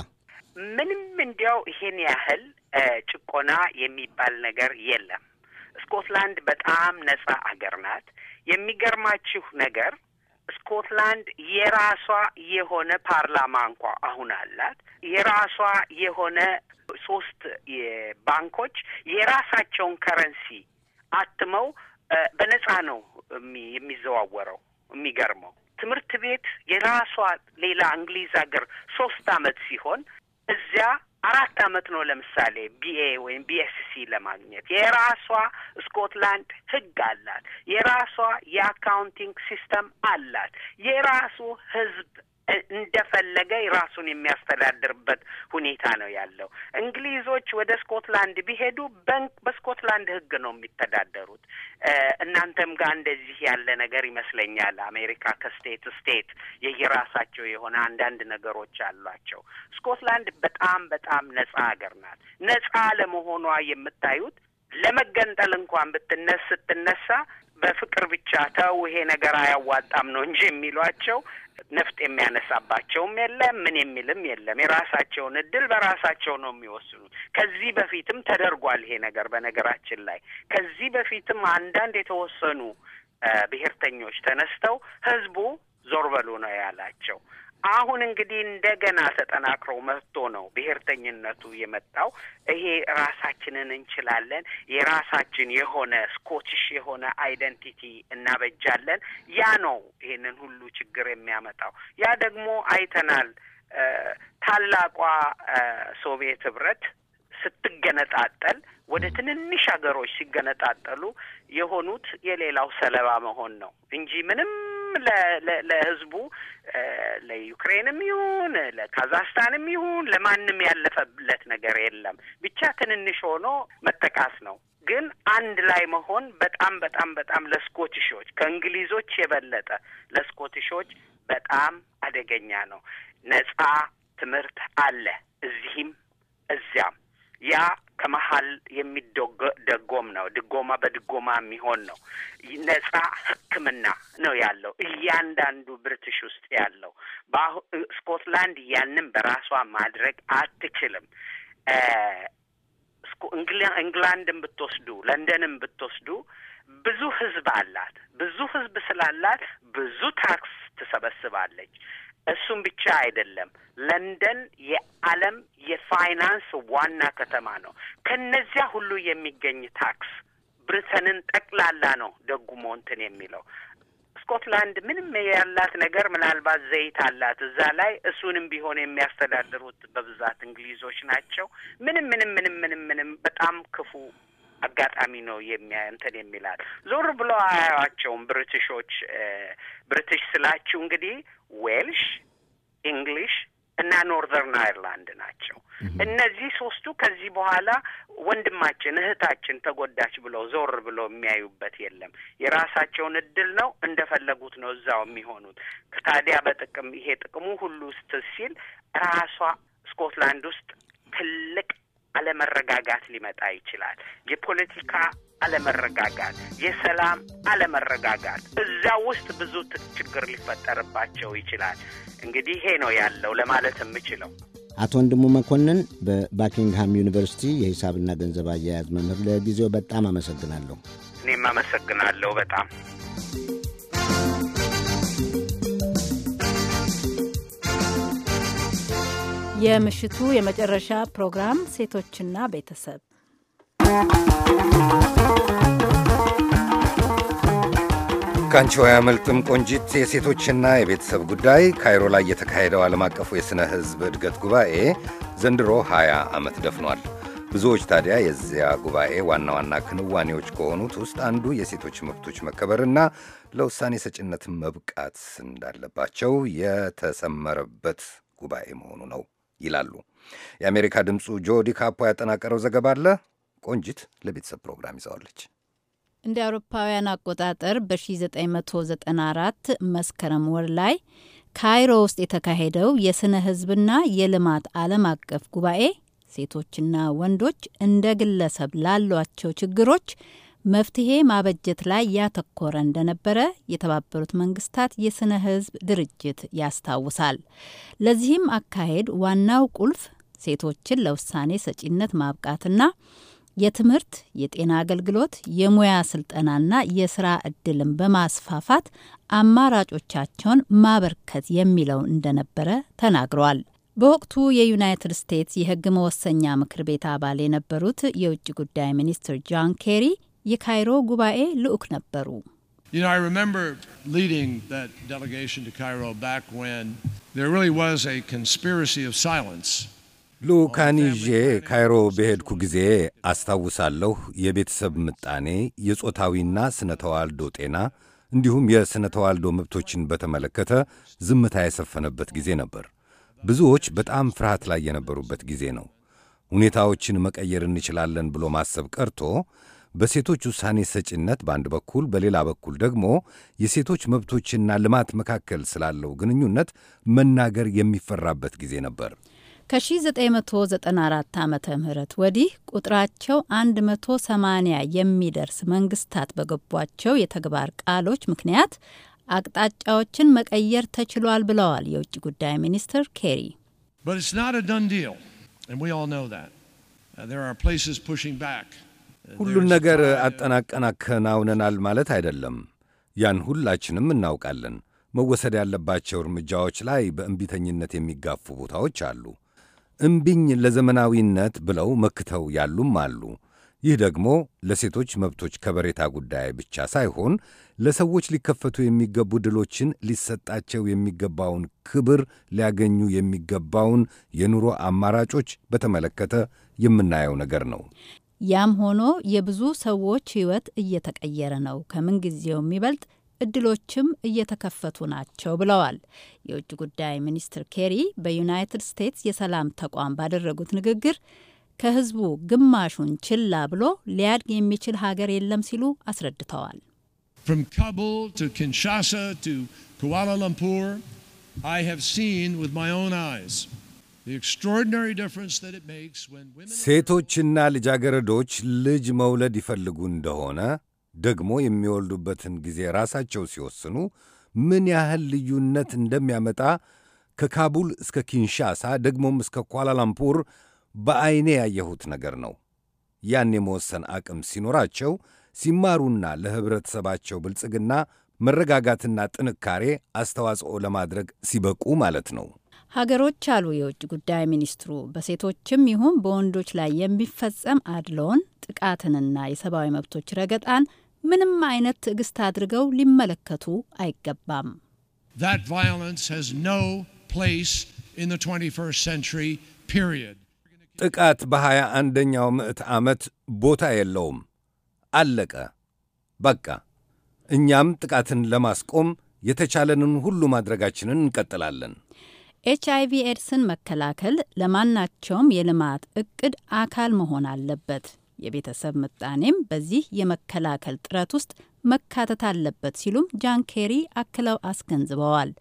ምንም? እንዲያው ይሄን ያህል ጭቆና የሚባል ነገር የለም። ስኮትላንድ በጣም ነጻ አገር ናት። የሚገርማችሁ ነገር ስኮትላንድ የራሷ የሆነ ፓርላማ እንኳ አሁን አላት። የራሷ የሆነ ሶስት የባንኮች የራሳቸውን ከረንሲ አትመው በነጻ ነው የሚዘዋወረው። የሚገርመው ትምህርት ቤት የራሷ ሌላ እንግሊዝ ሀገር ሶስት አመት ሲሆን እዚያ አራት አመት ነው ለምሳሌ ቢኤ ወይም ቢኤስሲ ለማግኘት። የራሷ ስኮትላንድ ህግ አላት። የራሷ የአካውንቲንግ ሲስተም አላት። የራሱ ህዝብ እንደፈለገ ራሱን የሚያስተዳድርበት ሁኔታ ነው ያለው። እንግሊዞች ወደ ስኮትላንድ ቢሄዱ በንክ በስኮትላንድ ህግ ነው የሚተዳደሩት። እናንተም ጋር እንደዚህ ያለ ነገር ይመስለኛል። አሜሪካ ከስቴት ስቴት የየራሳቸው የሆነ አንዳንድ ነገሮች አሏቸው። ስኮትላንድ በጣም በጣም ነጻ ሀገር ናት። ነጻ ለመሆኗ የምታዩት ለመገንጠል እንኳን ብትነስ ስትነሳ በፍቅር ብቻ ተው ይሄ ነገር አያዋጣም ነው እንጂ የሚሏቸው ነፍጥ የሚያነሳባቸውም የለም ምን የሚልም የለም። የራሳቸውን እድል በራሳቸው ነው የሚወስኑት። ከዚህ በፊትም ተደርጓል ይሄ ነገር። በነገራችን ላይ ከዚህ በፊትም አንዳንድ የተወሰኑ ብሔርተኞች ተነስተው ህዝቡ ዞር በሉ ነው ያላቸው። አሁን እንግዲህ እንደገና ተጠናክሮ መጥቶ ነው ብሔርተኝነቱ የመጣው። ይሄ ራሳችንን እንችላለን፣ የራሳችን የሆነ ስኮቲሽ የሆነ አይደንቲቲ እናበጃለን። ያ ነው ይሄንን ሁሉ ችግር የሚያመጣው። ያ ደግሞ አይተናል። ታላቋ ሶቪየት ህብረት ስትገነጣጠል ወደ ትንንሽ ሀገሮች ሲገነጣጠሉ የሆኑት የሌላው ሰለባ መሆን ነው እንጂ ምንም ለህዝቡ ለዩክሬንም ይሁን ለካዛክስታንም ይሁን ለማንም ያለፈለት ነገር የለም። ብቻ ትንንሽ ሆኖ መጠቃስ ነው። ግን አንድ ላይ መሆን በጣም በጣም በጣም ለስኮቲሾች ከእንግሊዞች የበለጠ ለስኮቲሾች በጣም አደገኛ ነው። ነጻ ትምህርት አለ እዚህም እዚያም ያ ከመሀል የሚደጎም ነው። ድጎማ በድጎማ የሚሆን ነው። ነጻ ሕክምና ነው ያለው እያንዳንዱ ብሪትሽ ውስጥ ያለው። ስኮትላንድ ያንን በራሷ ማድረግ አትችልም። እንግላንድን ብትወስዱ፣ ለንደንን ብትወስዱ ብዙ ህዝብ አላት። ብዙ ህዝብ ስላላት ብዙ ታክስ ትሰበስባለች። እሱም ብቻ አይደለም። ለንደን የዓለም የፋይናንስ ዋና ከተማ ነው። ከነዚያ ሁሉ የሚገኝ ታክስ ብሪተንን ጠቅላላ ነው ደጉሞ እንትን የሚለው። ስኮትላንድ ምንም ያላት ነገር ምናልባት ዘይት አላት እዛ ላይ። እሱንም ቢሆን የሚያስተዳድሩት በብዛት እንግሊዞች ናቸው። ምንም ምንም ምንም ምንም ምንም በጣም ክፉ አጋጣሚ ነው የሚያ እንትን የሚላል ዞር ብሎ አያዋቸውም ብሪቲሾች። ብሪቲሽ ስላችሁ እንግዲህ ዌልሽ፣ ኢንግሊሽ እና ኖርዘርን አይርላንድ ናቸው። እነዚህ ሶስቱ ከዚህ በኋላ ወንድማችን እህታችን ተጎዳች ብለው ዞር ብለው የሚያዩበት የለም። የራሳቸውን እድል ነው እንደፈለጉት ነው እዛው የሚሆኑት። ታዲያ በጥቅም ይሄ ጥቅሙ ሁሉ ውስጥ ሲል ራሷ ስኮትላንድ ውስጥ ትልቅ አለመረጋጋት ሊመጣ ይችላል። የፖለቲካ አለመረጋጋት፣ የሰላም አለመረጋጋት እዛ ውስጥ ብዙ ችግር ሊፈጠርባቸው ይችላል። እንግዲህ ይሄ ነው ያለው ለማለት የምችለው። አቶ ወንድሙ መኮንን በባኪንግሃም ዩኒቨርሲቲ የሂሳብና ገንዘብ አያያዝ መምህር፣ ለጊዜው በጣም አመሰግናለሁ። እኔም አመሰግናለሁ በጣም። የምሽቱ የመጨረሻ ፕሮግራም ሴቶችና ቤተሰብ ካንቺው አያመልጥም ቆንጂት። የሴቶችና የቤተሰብ ጉዳይ ካይሮ ላይ የተካሄደው ዓለም አቀፉ የሥነ ሕዝብ እድገት ጉባኤ ዘንድሮ 20 ዓመት ደፍኗል። ብዙዎች ታዲያ የዚያ ጉባኤ ዋና ዋና ክንዋኔዎች ከሆኑት ውስጥ አንዱ የሴቶች መብቶች መከበርና ለውሳኔ ሰጭነት መብቃት እንዳለባቸው የተሰመረበት ጉባኤ መሆኑ ነው ይላሉ። የአሜሪካ ድምፁ ጆዲ ካፖ ያጠናቀረው ዘገባ አለ ቆንጂት ለቤተሰብ ፕሮግራም ይዘዋለች። እንደ አውሮፓውያን አቆጣጠር በ1994 መስከረም ወር ላይ ካይሮ ውስጥ የተካሄደው የስነ ህዝብና የልማት ዓለም አቀፍ ጉባኤ ሴቶችና ወንዶች እንደ ግለሰብ ላሏቸው ችግሮች መፍትሄ ማበጀት ላይ ያተኮረ እንደነበረ የተባበሩት መንግስታት የስነ ህዝብ ድርጅት ያስታውሳል። ለዚህም አካሄድ ዋናው ቁልፍ ሴቶችን ለውሳኔ ሰጪነት ማብቃትና የትምህርት፣ የጤና አገልግሎት፣ የሙያ ስልጠናና የስራ እድልን በማስፋፋት አማራጮቻቸውን ማበርከት የሚለው እንደነበረ ተናግረዋል። በወቅቱ የዩናይትድ ስቴትስ የህግ መወሰኛ ምክር ቤት አባል የነበሩት የውጭ ጉዳይ ሚኒስትር ጆን ኬሪ የካይሮ ጉባኤ ልዑክ ነበሩ። ሪ ልኡካን ይዤ ካይሮ በሄድኩ ጊዜ አስታውሳለሁ። የቤተሰብ ምጣኔ፣ የጾታዊና ስነ ተዋልዶ ጤና እንዲሁም የስነ ተዋልዶ መብቶችን በተመለከተ ዝምታ የሰፈነበት ጊዜ ነበር። ብዙዎች በጣም ፍርሃት ላይ የነበሩበት ጊዜ ነው። ሁኔታዎችን መቀየር እንችላለን ብሎ ማሰብ ቀርቶ በሴቶች ውሳኔ ሰጪነት በአንድ በኩል፣ በሌላ በኩል ደግሞ የሴቶች መብቶችና ልማት መካከል ስላለው ግንኙነት መናገር የሚፈራበት ጊዜ ነበር። ከ1994 ዓ ም ወዲህ ቁጥራቸው 180 የሚደርስ መንግስታት በገቧቸው የተግባር ቃሎች ምክንያት አቅጣጫዎችን መቀየር ተችሏል ብለዋል የውጭ ጉዳይ ሚኒስትር ኬሪ። uh, uh, ሁሉን ነገር አጠናቀን አከናውነናል ማለት አይደለም። ያን ሁላችንም እናውቃለን። መወሰድ ያለባቸው እርምጃዎች ላይ በእምቢተኝነት የሚጋፉ ቦታዎች አሉ። እምቢኝ ለዘመናዊነት ብለው መክተው ያሉም አሉ። ይህ ደግሞ ለሴቶች መብቶች ከበሬታ ጉዳይ ብቻ ሳይሆን ለሰዎች ሊከፈቱ የሚገቡ ድሎችን፣ ሊሰጣቸው የሚገባውን ክብር፣ ሊያገኙ የሚገባውን የኑሮ አማራጮች በተመለከተ የምናየው ነገር ነው። ያም ሆኖ የብዙ ሰዎች ሕይወት እየተቀየረ ነው። ከምንጊዜው የሚበልጥ እድሎችም እየተከፈቱ ናቸው ብለዋል። የውጭ ጉዳይ ሚኒስትር ኬሪ በዩናይትድ ስቴትስ የሰላም ተቋም ባደረጉት ንግግር ከህዝቡ ግማሹን ችላ ብሎ ሊያድግ የሚችል ሀገር የለም ሲሉ አስረድተዋል። From Kabul to Kinshasa to Kuala Lumpur, I have seen with my own eyes ሴቶችና ልጃገረዶች ልጅ መውለድ ይፈልጉ እንደሆነ ደግሞ የሚወልዱበትን ጊዜ ራሳቸው ሲወስኑ ምን ያህል ልዩነት እንደሚያመጣ ከካቡል እስከ ኪንሻሳ ደግሞም እስከ ኳላላምፑር በዐይኔ ያየሁት ነገር ነው። ያን የመወሰን አቅም ሲኖራቸው ሲማሩና ለኅብረተሰባቸው ብልጽግና መረጋጋትና ጥንካሬ አስተዋጽኦ ለማድረግ ሲበቁ ማለት ነው። ሀገሮች አሉ የውጭ ጉዳይ ሚኒስትሩ፣ በሴቶችም ይሁን በወንዶች ላይ የሚፈጸም አድሎን፣ ጥቃትንና የሰብአዊ መብቶች ረገጣን ምንም አይነት ትዕግስት አድርገው ሊመለከቱ አይገባም። ጥቃት በሀያ አንደኛው ምዕት ዓመት ቦታ የለውም። አለቀ፣ በቃ። እኛም ጥቃትን ለማስቆም የተቻለንን ሁሉ ማድረጋችንን እንቀጥላለን። ኤች አይቪ ኤድስን መከላከል ለማናቸውም የልማት እቅድ አካል መሆን አለበት። የቤተሰብ ምጣኔም በዚህ የመከላከል ጥረት ውስጥ መካተት አለበት ሲሉም ጃን ኬሪ አክለው አስገንዝበዋል።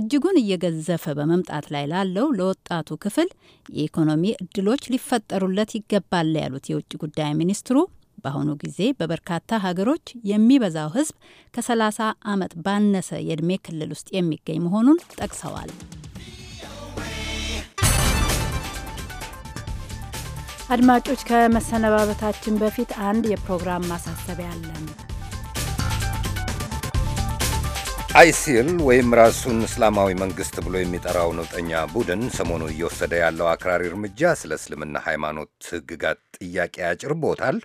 እጅጉን እየገዘፈ በመምጣት ላይ ላለው ለወጣቱ ክፍል የኢኮኖሚ እድሎች ሊፈጠሩለት ይገባል ያሉት የውጭ ጉዳይ ሚኒስትሩ በአሁኑ ጊዜ በበርካታ ሀገሮች የሚበዛው ሕዝብ ከ30 ዓመት ባነሰ የዕድሜ ክልል ውስጥ የሚገኝ መሆኑን ጠቅሰዋል። አድማጮች ከመሰነባበታችን በፊት አንድ የፕሮግራም ማሳሰቢያ አለን። አይሲል ወይም ራሱን እስላማዊ መንግስት ብሎ የሚጠራው ነውጠኛ ቡድን ሰሞኑ እየወሰደ ያለው አክራሪ እርምጃ ስለ እስልምና ሃይማኖት ህግጋት ጥያቄ አጭርቦታል።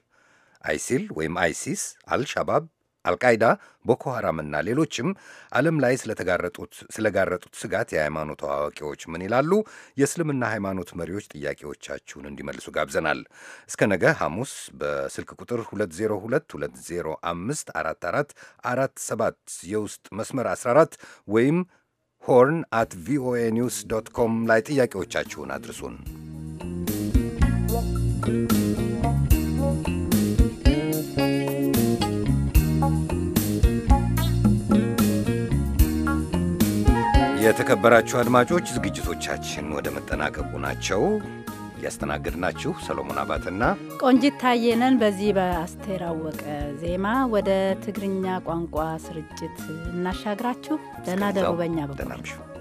አይሲል ወይም አይሲስ፣ አልሻባብ አልቃይዳ፣ ቦኮ ሐራምና ሌሎችም ዓለም ላይ ስለጋረጡት ስጋት የሃይማኖት አዋቂዎች ምን ይላሉ? የእስልምና ሃይማኖት መሪዎች ጥያቄዎቻችሁን እንዲመልሱ ጋብዘናል። እስከ ነገ ሐሙስ በስልክ ቁጥር 2022054447 የውስጥ መስመር 14 ወይም ሆርን አት ቪኦኤ ኒውስ ዶት ኮም ላይ ጥያቄዎቻችሁን አድርሱን። የተከበራችሁ አድማጮች ዝግጅቶቻችን ወደ መጠናቀቁ ናቸው። ያስተናገድናችሁ ሰሎሞን አባትና ቆንጂት ታየነን። በዚህ በአስቴር አወቀ ዜማ ወደ ትግርኛ ቋንቋ ስርጭት እናሻግራችሁ። ደህና ደሩ በኛ በኩል